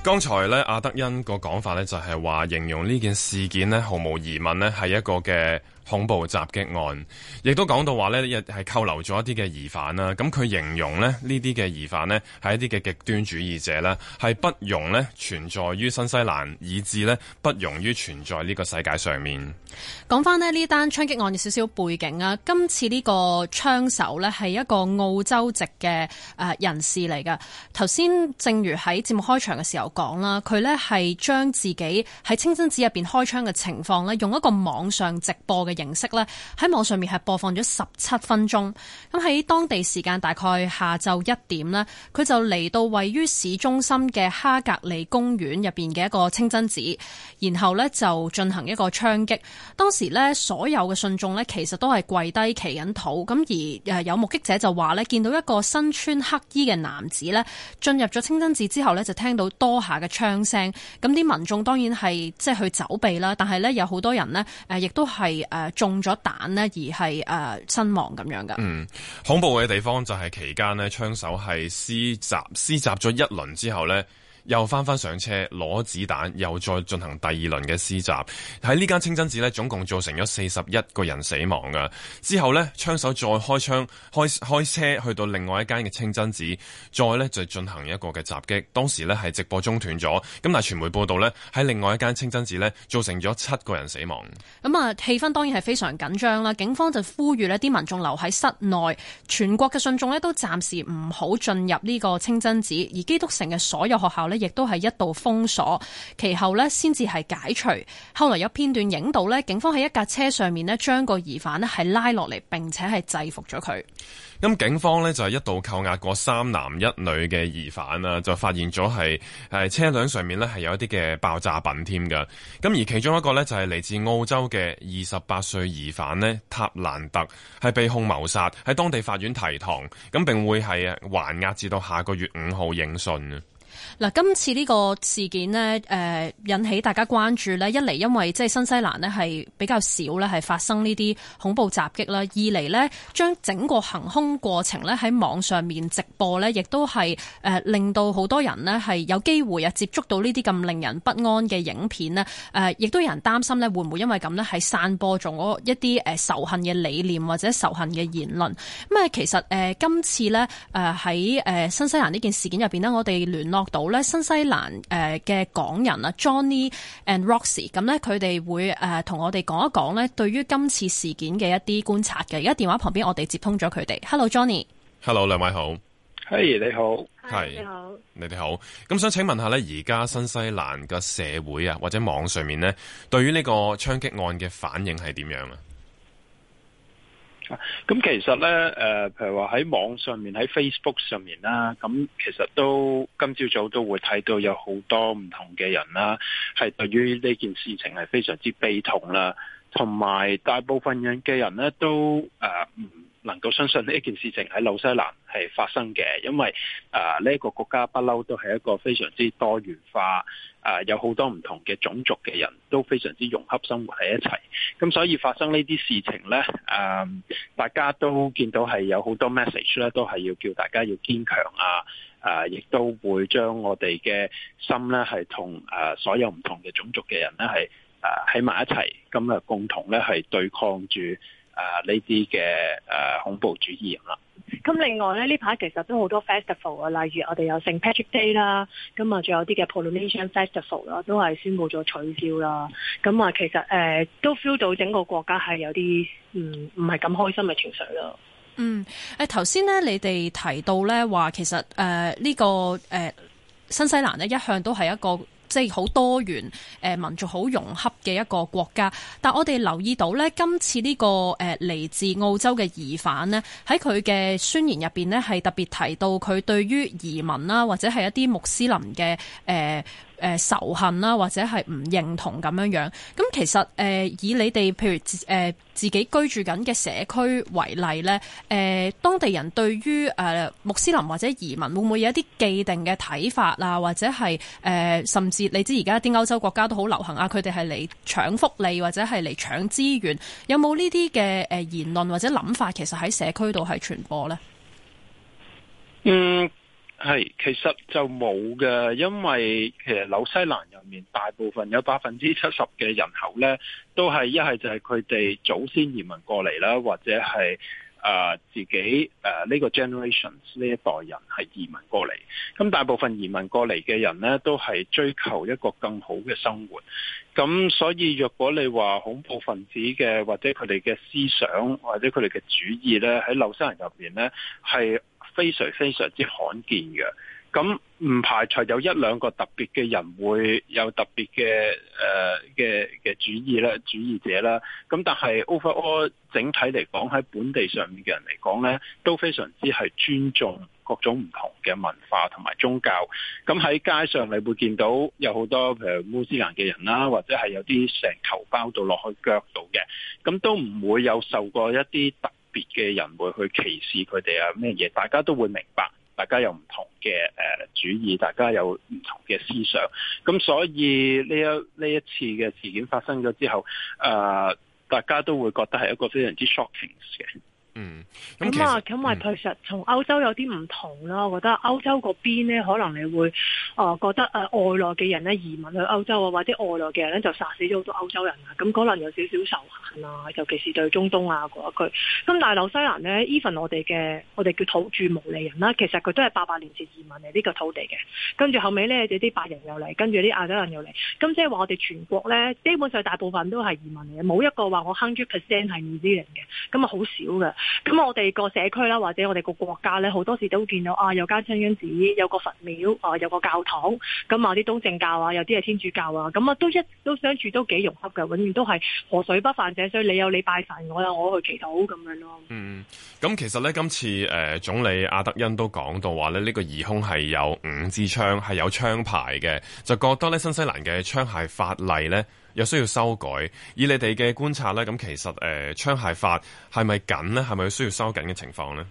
剛才咧，阿德恩個講法咧就係話，形容呢件事件咧，毫無疑問咧係一個嘅恐怖襲擊案，亦都講到話呢，係扣留咗一啲嘅疑犯啦。咁佢形容呢，呢啲嘅疑犯呢，係一啲嘅極端主義者啦，係不容呢存在於新西蘭，以至呢，不容於存在呢個世界上面。講翻呢，呢單槍擊案有少少背景啊，今次呢個槍手呢，係一個澳洲籍嘅人士嚟㗎。頭先正如喺節目開場嘅時候講啦，佢呢係將自己喺清真寺入邊開槍嘅情況呢用一個網上直播嘅形式呢，喺網上面係播放咗十七分鐘，咁喺當地時間大概下晝一點呢，佢就嚟到位於市中心嘅哈格里公園入邊嘅一個清真寺，然後呢就進行一個槍擊。當時呢，所有嘅信眾呢，其實都係跪低祈禱，咁而誒有目擊者就話呢，見到一個身穿黑衣嘅男子呢，進入咗清真寺之後呢，就聽到多下嘅槍聲，咁啲民眾當然係即係去走避啦，但係呢，有好多人呢，誒亦都係誒。中咗彈咧，而係誒身亡咁樣噶。嗯，恐怖嘅地方就係期間咧，槍手係施襲，施襲咗一輪之後咧。又翻翻上車攞子彈，又再進行第二輪嘅施襲。喺呢間清真寺呢，總共造成咗四十一個人死亡嘅。之後呢槍手再開槍開開車去到另外一間嘅清真寺，再呢就進行一個嘅襲擊。當時呢係直播中斷咗，咁但係傳媒報道呢喺另外一間清真寺呢造成咗七個人死亡。咁啊，氣氛當然係非常緊張啦。警方就呼籲呢啲民眾留喺室內，全國嘅信眾呢都暫時唔好進入呢個清真寺，而基督城嘅所有學校呢亦都係一度封鎖，其後呢先至係解除。後來有片段影到呢警方喺一架車上面呢將個疑犯呢係拉落嚟，並且係制服咗佢。咁，警方呢就係、是、一度扣押嗰三男一女嘅疑犯啦，就發現咗係誒車輛上面呢係有一啲嘅爆炸品添㗎。咁而其中一個呢，就係、是、嚟自澳洲嘅二十八歲疑犯呢，塔蘭特係被控謀殺喺當地法院提堂，咁並會係啊還押至到下個月五號應訊。嗱，今次呢個事件呢，誒引起大家關注呢。一嚟因為即係新西蘭呢，係比較少呢，係發生呢啲恐怖襲擊啦，二嚟呢，將整個行兇過程呢，喺網上面直播呢，亦都係令到好多人呢，係有機會啊接觸到呢啲咁令人不安嘅影片呢。亦都有人擔心呢，會唔會因為咁呢，係散播咗一啲誒仇恨嘅理念或者仇恨嘅言論咁啊？其實誒今次呢，喺誒新西蘭呢件事件入面呢，我哋聯絡到咧，新西蘭誒嘅港人啊，Johnny and Roxi，咁咧佢哋會誒同我哋講一講咧，對於今次事件嘅一啲觀察嘅。而家電話旁邊，我哋接通咗佢哋。Hello，Johnny。Hello，兩位好。h e y 你好。係、hey, 你好，你哋好。咁想請問一下咧，而家新西蘭嘅社會啊，或者網上面咧，對於呢個槍擊案嘅反應係點樣啊？咁其實咧，誒、呃，譬如話喺網上面，喺 Facebook 上面啦，咁其實都今朝早都會睇到有好多唔同嘅人啦，係對於呢件事情係非常之悲痛啦，同埋大部分人嘅人咧都誒唔。呃能夠相信呢一件事情喺紐西蘭係發生嘅，因為啊呢、呃這個國家不嬲都係一個非常之多元化，啊、呃、有好多唔同嘅種族嘅人都非常之融洽生活喺一齊，咁所以發生呢啲事情呢，啊、呃、大家都見到係有好多 message 咧，都係要叫大家要堅強啊，啊、呃、亦都會將我哋嘅心呢係同啊所有唔同嘅種族嘅人呢係啊喺埋一齊，咁啊共同咧係對抗住。啊！呢啲嘅誒恐怖主義咁啦。咁另外咧，呢排其實都好多 festival 啊，例如我哋有聖 Patrick Day 啦，咁啊，仲有啲嘅 Polynesian Festival 啦，都係宣布咗取消啦。咁啊，其實誒都 feel 到整個國家係有啲唔唔係咁開心嘅情緒咯。嗯，誒頭先咧，你哋提到咧話，其實誒呢個誒新西蘭咧，一向都係一個，即係好多元誒民族好融洽嘅一個國家，但我哋留意到呢，今次呢個誒嚟自澳洲嘅疑犯呢，喺佢嘅宣言入邊呢，係特別提到佢對於移民啦，或者係一啲穆斯林嘅誒。呃呃、仇恨啦，或者係唔認同咁樣樣。咁其實誒、呃，以你哋譬如誒、呃、自己居住緊嘅社區為例呢，誒、呃，當地人對於誒、呃、穆斯林或者移民會唔會有一啲既定嘅睇法啊？或者係誒、呃，甚至你知而家啲歐洲國家都好流行啊，佢哋係嚟搶福利或者係嚟搶資源，有冇呢啲嘅誒言論或者諗法？其實喺社區度係傳播呢。嗯。係，其實就冇嘅，因為其實紐西蘭入面大部分有百分之七十嘅人口呢，都係一係就係佢哋祖先移民過嚟啦，或者係誒、呃、自己誒呢、呃這個 generation 呢一代人係移民過嚟。咁大部分移民過嚟嘅人呢，都係追求一個更好嘅生活。咁所以若果你話恐怖分子嘅或者佢哋嘅思想或者佢哋嘅主意呢，喺紐西蘭入面呢，係。非常非常之罕見嘅，咁唔排除有一兩個特別嘅人會有特別嘅誒嘅嘅主義啦，主義者啦。咁但係 overall 整體嚟講，喺本地上面嘅人嚟講咧，都非常之係尊重各種唔同嘅文化同埋宗教。咁喺街上，你會見到有好多譬如穆斯林嘅人啦，或者係有啲成球包到落去腳度嘅，咁都唔會有受過一啲特。嘅人會去歧視佢哋啊咩嘢？大家都會明白，大家有唔同嘅誒、呃、主意，大家有唔同嘅思想。咁所以呢一呢一次嘅事件發生咗之後，啊、呃，大家都會覺得係一個非常之 shocking 嘅。嗯，咁、嗯、啊，咁、嗯、咪其實同、嗯、歐洲有啲唔同咯。我覺得歐洲嗰邊咧，可能你會啊覺得啊外來嘅人咧移民去歐洲啊，或者外來嘅人咧就殺死咗好多歐洲人啊。咁可能有少少仇恨啊，尤其是對中東啊嗰一區。咁但係紐西蘭咧，even 我哋嘅我哋叫土著毛利人啦，其實佢都係八百年前移民嚟呢、呢個土地嘅。跟住後尾咧，啲白人又嚟，跟住啲亞洲人又嚟。咁即係話我哋全國咧，基本上大部分都係移民嚟嘅，冇一個話我 hundred percent 嘅，咁啊好少噶。咁我哋個社區啦，或者我哋個國家咧，好多時都會見到啊，有間清真寺，有個佛廟，啊，有個教堂，咁啊，啲東正教啊，有啲係天主教啊，咁啊，都一都相處都幾融洽噶，永遠都係河水不犯井水，所以你有你拜神，我有我去祈禱咁樣咯。嗯，咁其實咧，今次誒、呃，總理阿德恩都講到話咧，呢、這個疑兇係有五支槍，係有槍牌嘅，就覺得咧，新西蘭嘅槍械法例咧。有需要修改，以你哋嘅觀察咧，咁其實誒、呃、槍械法係咪緊咧？係咪需要收緊嘅情況咧？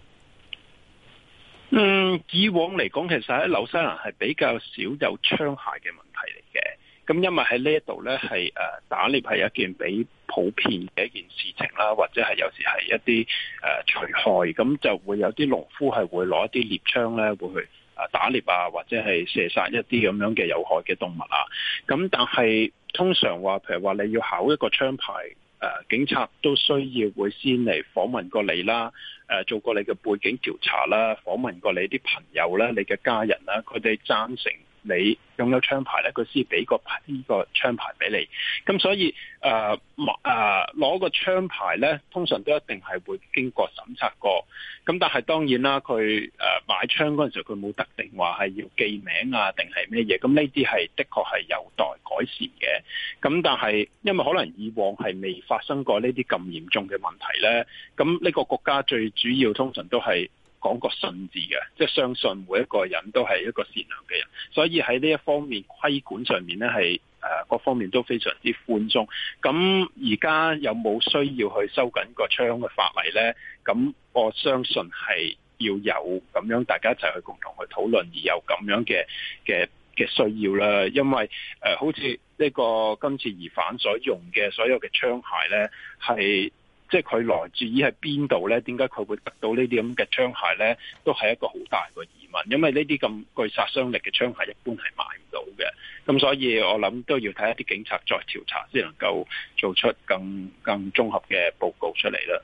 嗯，以往嚟講，其實喺紐西蘭係比較少有槍械嘅問題嚟嘅。咁因為喺呢一度咧，係、呃、誒打獵係一件比普遍嘅一件事情啦，或者係有時係一啲誒、呃、除害，咁就會有啲農夫係會攞一啲獵槍咧，會去。啊！打獵啊，或者係射殺一啲咁樣嘅有害嘅動物啊，咁但係通常話，譬如話你要考一個槍牌，啊、警察都需要會先嚟訪問過你啦，啊、做過你嘅背景調查啦，訪問過你啲朋友啦，你嘅家人啦，佢哋贊成你擁有槍牌咧，佢先俾個呢個槍牌俾你。咁所以誒，買、呃、攞、呃、個槍牌咧，通常都一定係會經過審查過。咁但係當然啦，佢誒、呃、買槍嗰陣時候，佢冇特定話係要記名啊，定係咩嘢？咁呢啲係的確係有待改善嘅。咁但係因為可能以往係未發生過呢啲咁嚴重嘅問題咧，咁呢個國家最主要通常都係。講個信字嘅，即係相信每一個人都係一個善良嘅人，所以喺呢一方面規管上面咧，係誒各方面都非常之寬鬆。咁而家有冇需要去收緊個槍嘅法例呢？咁我相信係要有咁樣，大家一齊去共同去討論，而有咁樣嘅嘅嘅需要啦。因為誒、呃，好似呢個今次疑犯所用嘅所有嘅槍械呢係。即係佢來自於喺邊度呢？點解佢會得到呢啲咁嘅槍械呢？都係一個好大嘅疑問，因為呢啲咁具殺傷力嘅槍械一般係買唔到嘅。咁所以，我諗都要睇一啲警察再調查，先能夠做出更更綜合嘅報告出嚟啦。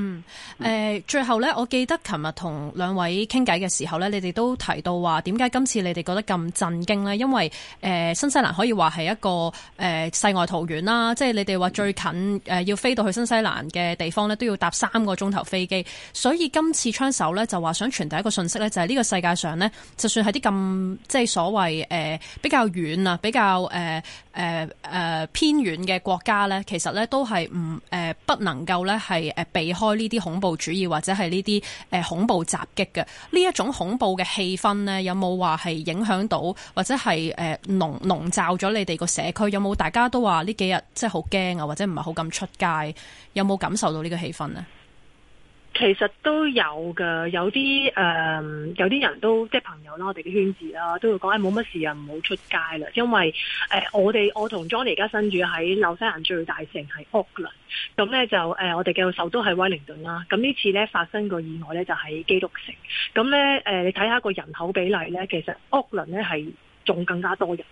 嗯，誒、呃、最後咧，我記得琴日同兩位傾偈嘅時候咧，你哋都提到話點解今次你哋覺得咁震驚咧？因為誒、呃、新西蘭可以話係一個誒、呃、世外桃源啦，即係你哋話最近誒要飛到去新西蘭嘅地方咧，都要搭三個鐘頭飛機，所以今次槍手咧就話想傳遞一個訊息咧，就係呢個世界上咧，就算係啲咁即係所謂誒、呃、比較遠啊，比較誒誒誒偏遠嘅國家咧，其實咧都係唔誒不能夠咧係誒避開。開呢啲恐怖主義或者係呢啲誒恐怖襲擊嘅呢一種恐怖嘅氣氛呢，有冇話係影響到或者係誒籠籠罩咗你哋個社區？有冇大家都話呢幾日即係好驚啊，或者唔係好咁出街？有冇感受到個氣呢個氣氛咧？其實都有嘅，有啲誒、嗯，有啲人都即係朋友啦，我哋嘅圈子啦，都會講誒冇乜事啊，唔好出街啦。因為誒、呃，我哋我同 Johnny 而家身處喺紐西蘭最大城係屋倫，咁咧就誒、呃，我哋嘅首都係威靈頓啦。咁呢次咧發生個意外咧就喺、是、基督城，咁咧誒，你睇下個人口比例咧，其實屋倫咧係。仲更加多人，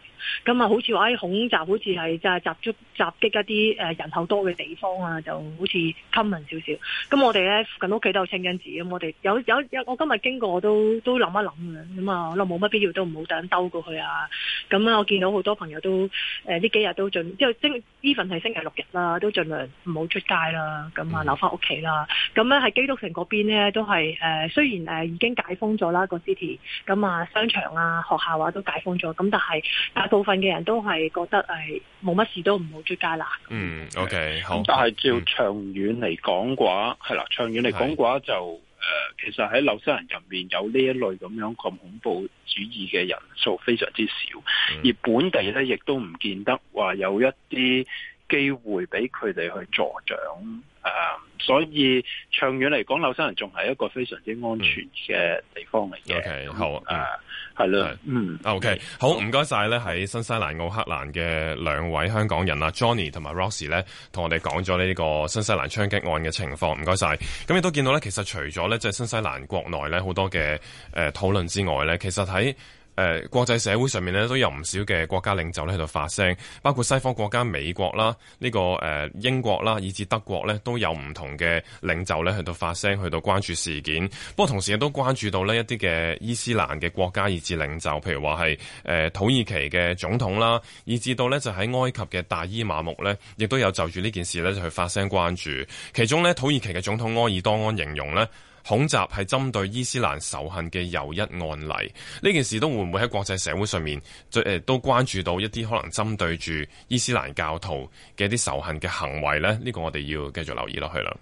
咁啊，好似話喺恐襲，好似係就係集中襲擊一啲誒人口多嘅地方啊，就好似 common 少少。咁我哋咧附近屋企都有清真寺，咁我哋有有有，我今日經過我都都諗一諗咁啊，可能冇乜必要都唔好等兜過去啊。咁啊，我見到好多朋友都誒呢、呃、幾日都盡，即係星呢份係星期六日啦，都盡量唔好出街啦，咁啊留翻屋企啦。咁咧喺基督城嗰邊咧都係誒、呃、雖然誒、呃、已經解封咗啦、個 city，咁、那個、啊商場啊學校啊都解封咗。咁但係大部分嘅人都係覺得誒冇乜事都唔好出街啦、嗯。嗯，OK，好。咁但係照長遠嚟講嘅話，係、嗯、啦，長遠嚟講嘅話就誒、呃，其實喺紐西蘭入面有呢一類咁樣咁恐怖主義嘅人數非常之少、嗯，而本地咧亦都唔見得話有一啲機會俾佢哋去助長。啊、um,，所以長遠嚟講，紐西蘭仲係一個非常之安全嘅地方嚟嘅、嗯 uh,。OK，好啊，係咯，嗯，OK，好，唔該晒。咧，喺新西蘭奧克蘭嘅兩位香港人啊，Johnny 同埋 Rosie 咧，同我哋講咗呢個新西蘭槍擊案嘅情況。唔該晒，咁亦都見到咧，其實除咗咧，即係新西蘭國內咧好多嘅誒討論之外咧，其實喺誒、呃、國際社會上面咧都有唔少嘅國家領袖咧喺度發聲，包括西方國家美國啦，呢、這個、呃、英國啦，以至德國呢，都有唔同嘅領袖咧喺度發聲，去到關注事件。不過同時亦都關注到呢一啲嘅伊斯蘭嘅國家，以至領袖，譬如話係、呃、土耳其嘅總統啦，以至到呢就喺埃及嘅大伊馬木呢，亦都有就住呢件事呢就去發聲關注。其中呢，土耳其嘅總統埃爾多安形容呢，恐襲係針對伊斯蘭仇恨嘅又一案例，呢件事都會唔會喺國際社會上面、呃，都關注到一啲可能針對住伊斯蘭教徒嘅一啲仇恨嘅行為呢？呢、這個我哋要繼續留意落去啦。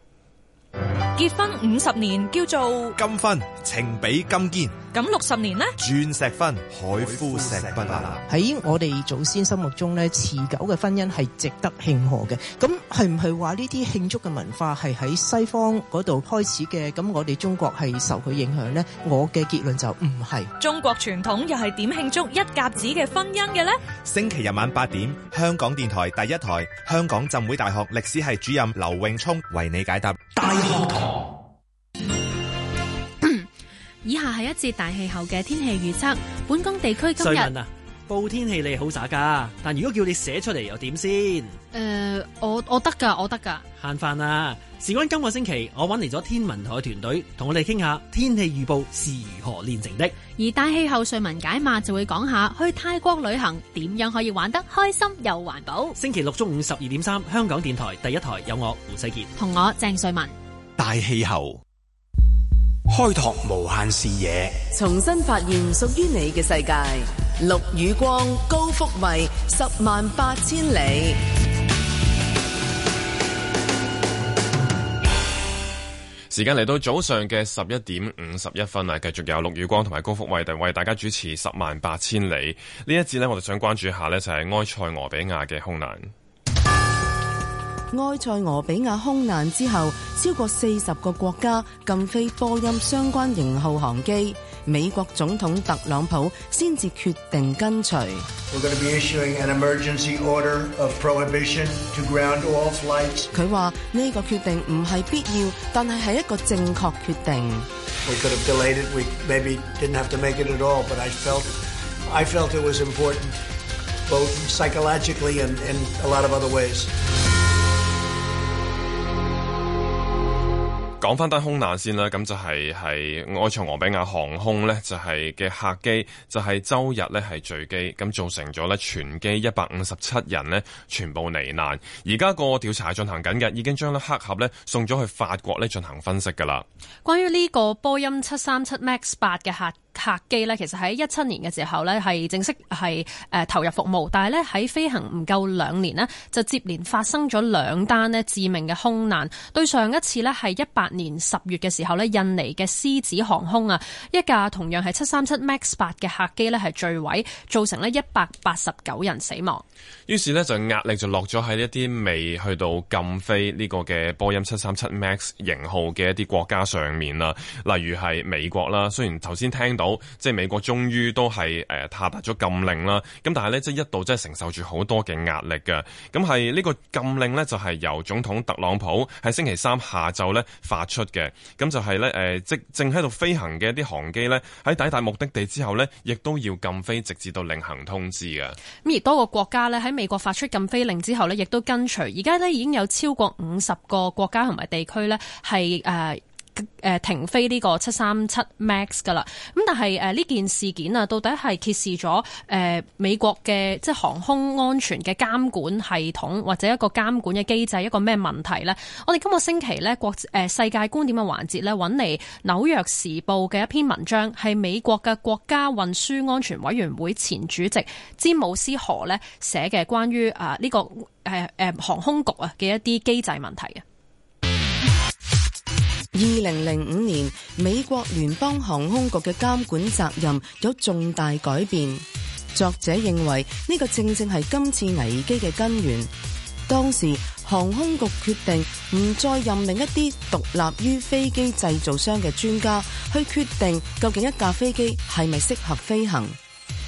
結婚五十年叫做金婚，情比金堅。咁六十年呢？鑽石婚，海枯石不爛。喺我哋祖先心目中呢，持久嘅婚姻係值得慶賀嘅。咁係唔係話呢啲慶祝嘅文化係喺西方嗰度開始嘅？咁我哋中國係受佢影響呢？我嘅結論就唔係。中國傳統又係點慶祝一甲子嘅婚姻嘅呢？星期日晚八點，香港電台第一台，香港浸會大學歷史系主任劉永聰為你解答。 <noise> 以下係一節大氣候嘅天氣預測，本港地區今日。瑞文啊，報天氣你好耍噶但如果叫你寫出嚟又點先？誒、呃，我我得噶我得噶慳番啦，事關今個星期，我揾嚟咗天文台團隊同我哋傾下天氣預報是如何練成的。而大氣候瑞文解碼就會講下，去泰國旅行點樣可以玩得開心又環保。星期六中午十二點三，3, 香港電台第一台有我胡世杰同我鄭瑞文。大氣候，開拓無限視野，重新發現屬於你嘅世界。陸宇光、高福慧，十萬八千里。時間嚟到早上嘅十一點五十一分啊！繼續有陸宇光同埋高福慧嚟為大家主持《十萬八千里》呢一節呢，我哋想關注一下呢，就係埃塞俄比亞嘅空難。埃塞俄比亞空難之後，超過四十個國家禁飛波音相關型號航機，美國總統特朗普先至決定跟隨。佢話呢個決定唔係必要，但係係一個正確決定。講翻單空難先啦，咁就係係埃塞俄比亞航空呢就係嘅客機就係周日呢係墜機，咁造成咗呢全機一百五十七人呢全部罹難。而家個調查進行緊嘅，已經將呢黑盒呢送咗去法國呢進行分析噶啦。關於呢個波音七三七 MAX 八嘅客。客機呢，其實喺一七年嘅時候呢，係正式係誒投入服務，但係呢，喺飛行唔夠兩年呢，就接連發生咗兩單呢致命嘅空難。對上一次呢，係一八年十月嘅時候呢，印尼嘅獅子航空啊一架同樣係七三七 MAX 八嘅客機呢，係墜毀造成呢一百八十九人死亡。於是呢就壓力就落咗喺一啲未去到禁飛呢個嘅波音七三七 MAX 型號嘅一啲國家上面啦，例如係美國啦，雖然頭先聽到，即係美國終於都係誒下達咗禁令啦，咁但係呢，即係一度真係承受住好多嘅壓力嘅，咁係呢個禁令呢，就係、是、由總統特朗普喺星期三下晝呢發出嘅，咁就係呢，誒、呃、即正喺度飛行嘅一啲航機呢，喺抵達目的地之後呢，亦都要禁飛直至到另行通知嘅。咁而多個國家呢，喺美國發出禁飛令之後呢，亦都跟隨，而家呢，已經有超過五十個國家同埋地區呢，係誒。呃誒，停飛呢個七三七 Max 噶啦，咁但係誒呢件事件啊，到底係揭示咗誒美國嘅即係航空安全嘅監管系統，或者一個監管嘅機制一個咩問題呢？我哋今個星期呢，國誒世界觀點嘅環節呢，搵嚟《紐約時報》嘅一篇文章，係美國嘅國家運輸安全委員會前主席詹姆斯河呢寫嘅，關於啊呢個誒誒航空局啊嘅一啲機制問題嘅。二零零五年，美國聯邦航空局嘅監管責任有重大改變。作者認為，呢個正正係今次危機嘅根源。當時航空局決定唔再任命一啲獨立於飛機製造商嘅專家去決定究竟一架飛機係咪適合飛行。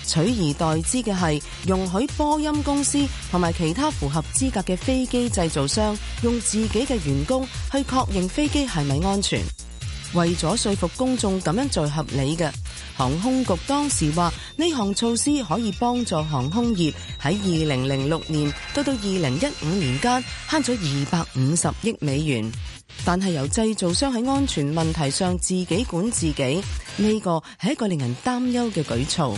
取而代之嘅係容許波音公司同埋其他符合資格嘅飛機製造商用自己嘅員工去確認飛機係咪安全。為咗說服公眾咁樣最合理嘅，航空局當時話呢項措施可以幫助航空業喺二零零六年到到二零一五年間慳咗二百五十億美元。但係由製造商喺安全問題上自己管自己，呢個係一個令人擔憂嘅舉措。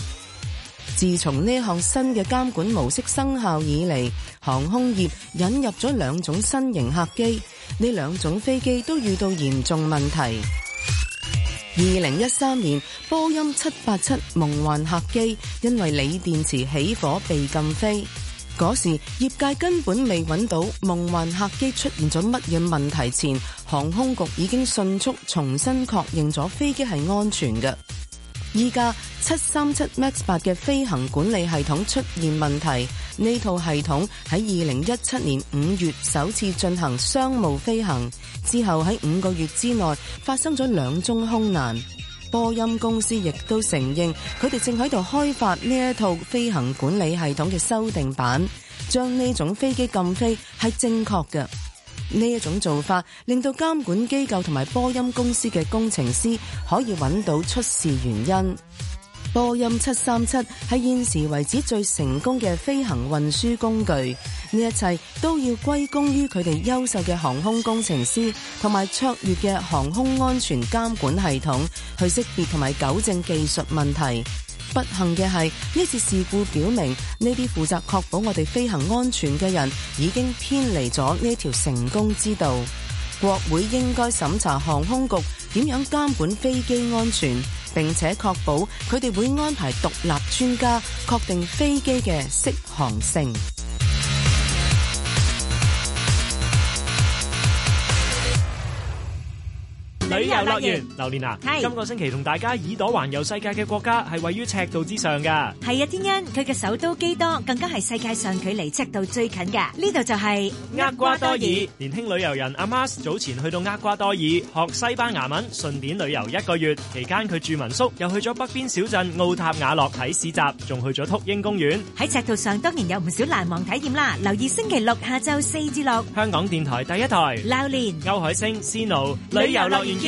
自從呢項新嘅監管模式生效以嚟，航空業引入咗兩種新型客機，呢兩種飛機都遇到嚴重問題。二零一三年波音七八七夢幻客機因為鋰電池起火被禁飛，嗰時業界根本未揾到夢幻客機出現咗乜嘢問題前，航空局已經迅速重新確認咗飛機係安全嘅。依家七三七 Max 八嘅飛行管理系統出現問題，呢套系統喺二零一七年五月首次進行商務飛行之後，喺五個月之內發生咗兩宗空難。波音公司亦都承認，佢哋正喺度開發呢一套飛行管理系統嘅修訂版，將呢種飛機禁飛，係正確嘅。呢一種做法令到監管機構同埋波音公司嘅工程師可以揾到出事原因。波音七三七係現時為止最成功嘅飛行運輸工具，呢一切都要歸功於佢哋優秀嘅航空工程師同埋卓越嘅航空安全監管系統去識別同埋糾正技術問題。不幸嘅係，呢次事故表明，呢啲負責確保我哋飛行安全嘅人已經偏離咗呢條成功之道。國會應該審查航空局點樣監管飛機安全，並且確保佢哋會安排獨立專家確定飛機嘅適航性。旅遊樂園，榴蓮啊！係今個星期同大家耳朵環遊世界嘅，國家係位於赤道之上噶。係啊，天恩佢嘅首都基多更加係世界上距離赤道最近噶。呢度就係厄瓜多爾。年輕旅遊人阿 Mas 早前去到厄瓜多爾學西班牙文，順便旅遊一個月。期間佢住民宿，又去咗北邊小鎮奧塔瓦洛睇市集，仲去咗禿鷹公園。喺赤道上當然有唔少難忘體驗啦。留意星期六下晝四至六，香港電台第一台，榴蓮，歐海星，Sino，旅遊樂園。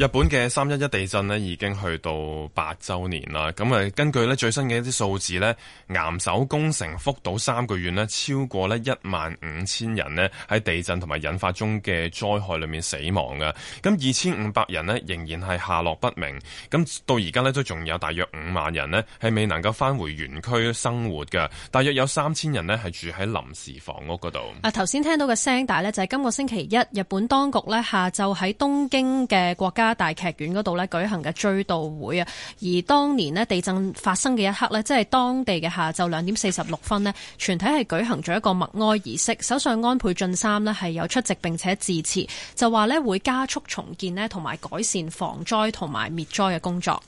日本嘅三一一地震呢，已經去到八周年啦，咁啊根據呢最新嘅一啲數字呢，岩手、宮城、福島三個縣呢，超過呢一萬五千人呢，喺地震同埋引發中嘅災害裏面死亡嘅，咁二千五百人呢，仍然係下落不明，咁到而家呢，都仲有大約五萬人呢，係未能夠翻回原區生活嘅，大約有三千人呢，係住喺臨時房屋嗰度。啊頭先聽到嘅聲帶呢，就係、是、今個星期一日本當局呢，下晝喺東京嘅國家。大劇院嗰度咧舉行嘅追悼會啊，而當年呢，地震發生嘅一刻呢，即係當地嘅下午兩點四十六分呢，全體係舉行咗一個默哀儀式。首相安倍晉三呢係有出席並且致辭，就話呢會加速重建呢，同埋改善防災同埋滅災嘅工作。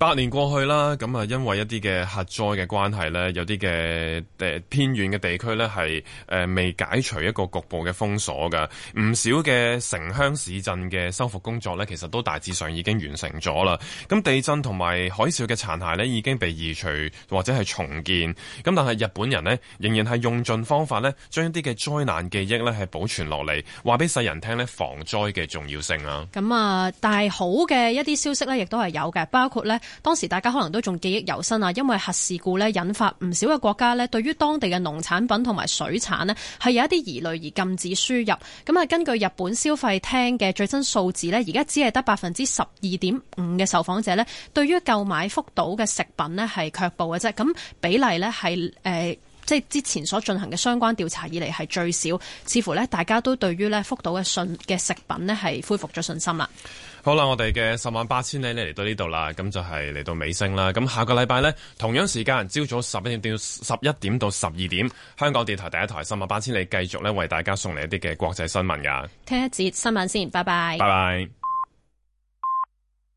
八年過去啦，咁啊，因為一啲嘅核災嘅關係呢，有啲嘅偏遠嘅地區呢係、呃、未解除一個局部嘅封鎖㗎，唔少嘅城鄉市鎮嘅修復工作呢，其實都大致上已經完成咗啦。咁地震同埋海嘯嘅殘骸呢，已經被移除或者係重建。咁但係日本人呢，仍然係用盡方法呢，將一啲嘅災難記憶呢係保存落嚟，話俾世人聽呢，防災嘅重要性啊。咁啊，但係好嘅一啲消息呢，亦都係有嘅，包括呢。當時大家可能都仲記憶猶新啊，因為核事故呢，引發唔少嘅國家呢，對於當地嘅農產品同埋水產呢，係有一啲疑慮而禁止輸入。咁啊，根據日本消費廳嘅最新數字呢，而家只係得百分之十二點五嘅受訪者呢，對於購買福島嘅食品呢係卻步嘅啫。咁比例呢係誒即係之前所進行嘅相關調查以嚟係最少，似乎呢，大家都對於呢福島嘅信嘅食品呢係恢復咗信心啦。好啦，我哋嘅十萬八千里呢嚟到呢度啦，咁就係嚟到尾聲啦。咁下個禮拜呢，同樣時間，朝早十一點到十一點到十二點，香港電台第一台《十萬八千里》繼續呢，為大家送嚟一啲嘅國際新聞噶。聽一節新聞先，拜拜。拜拜。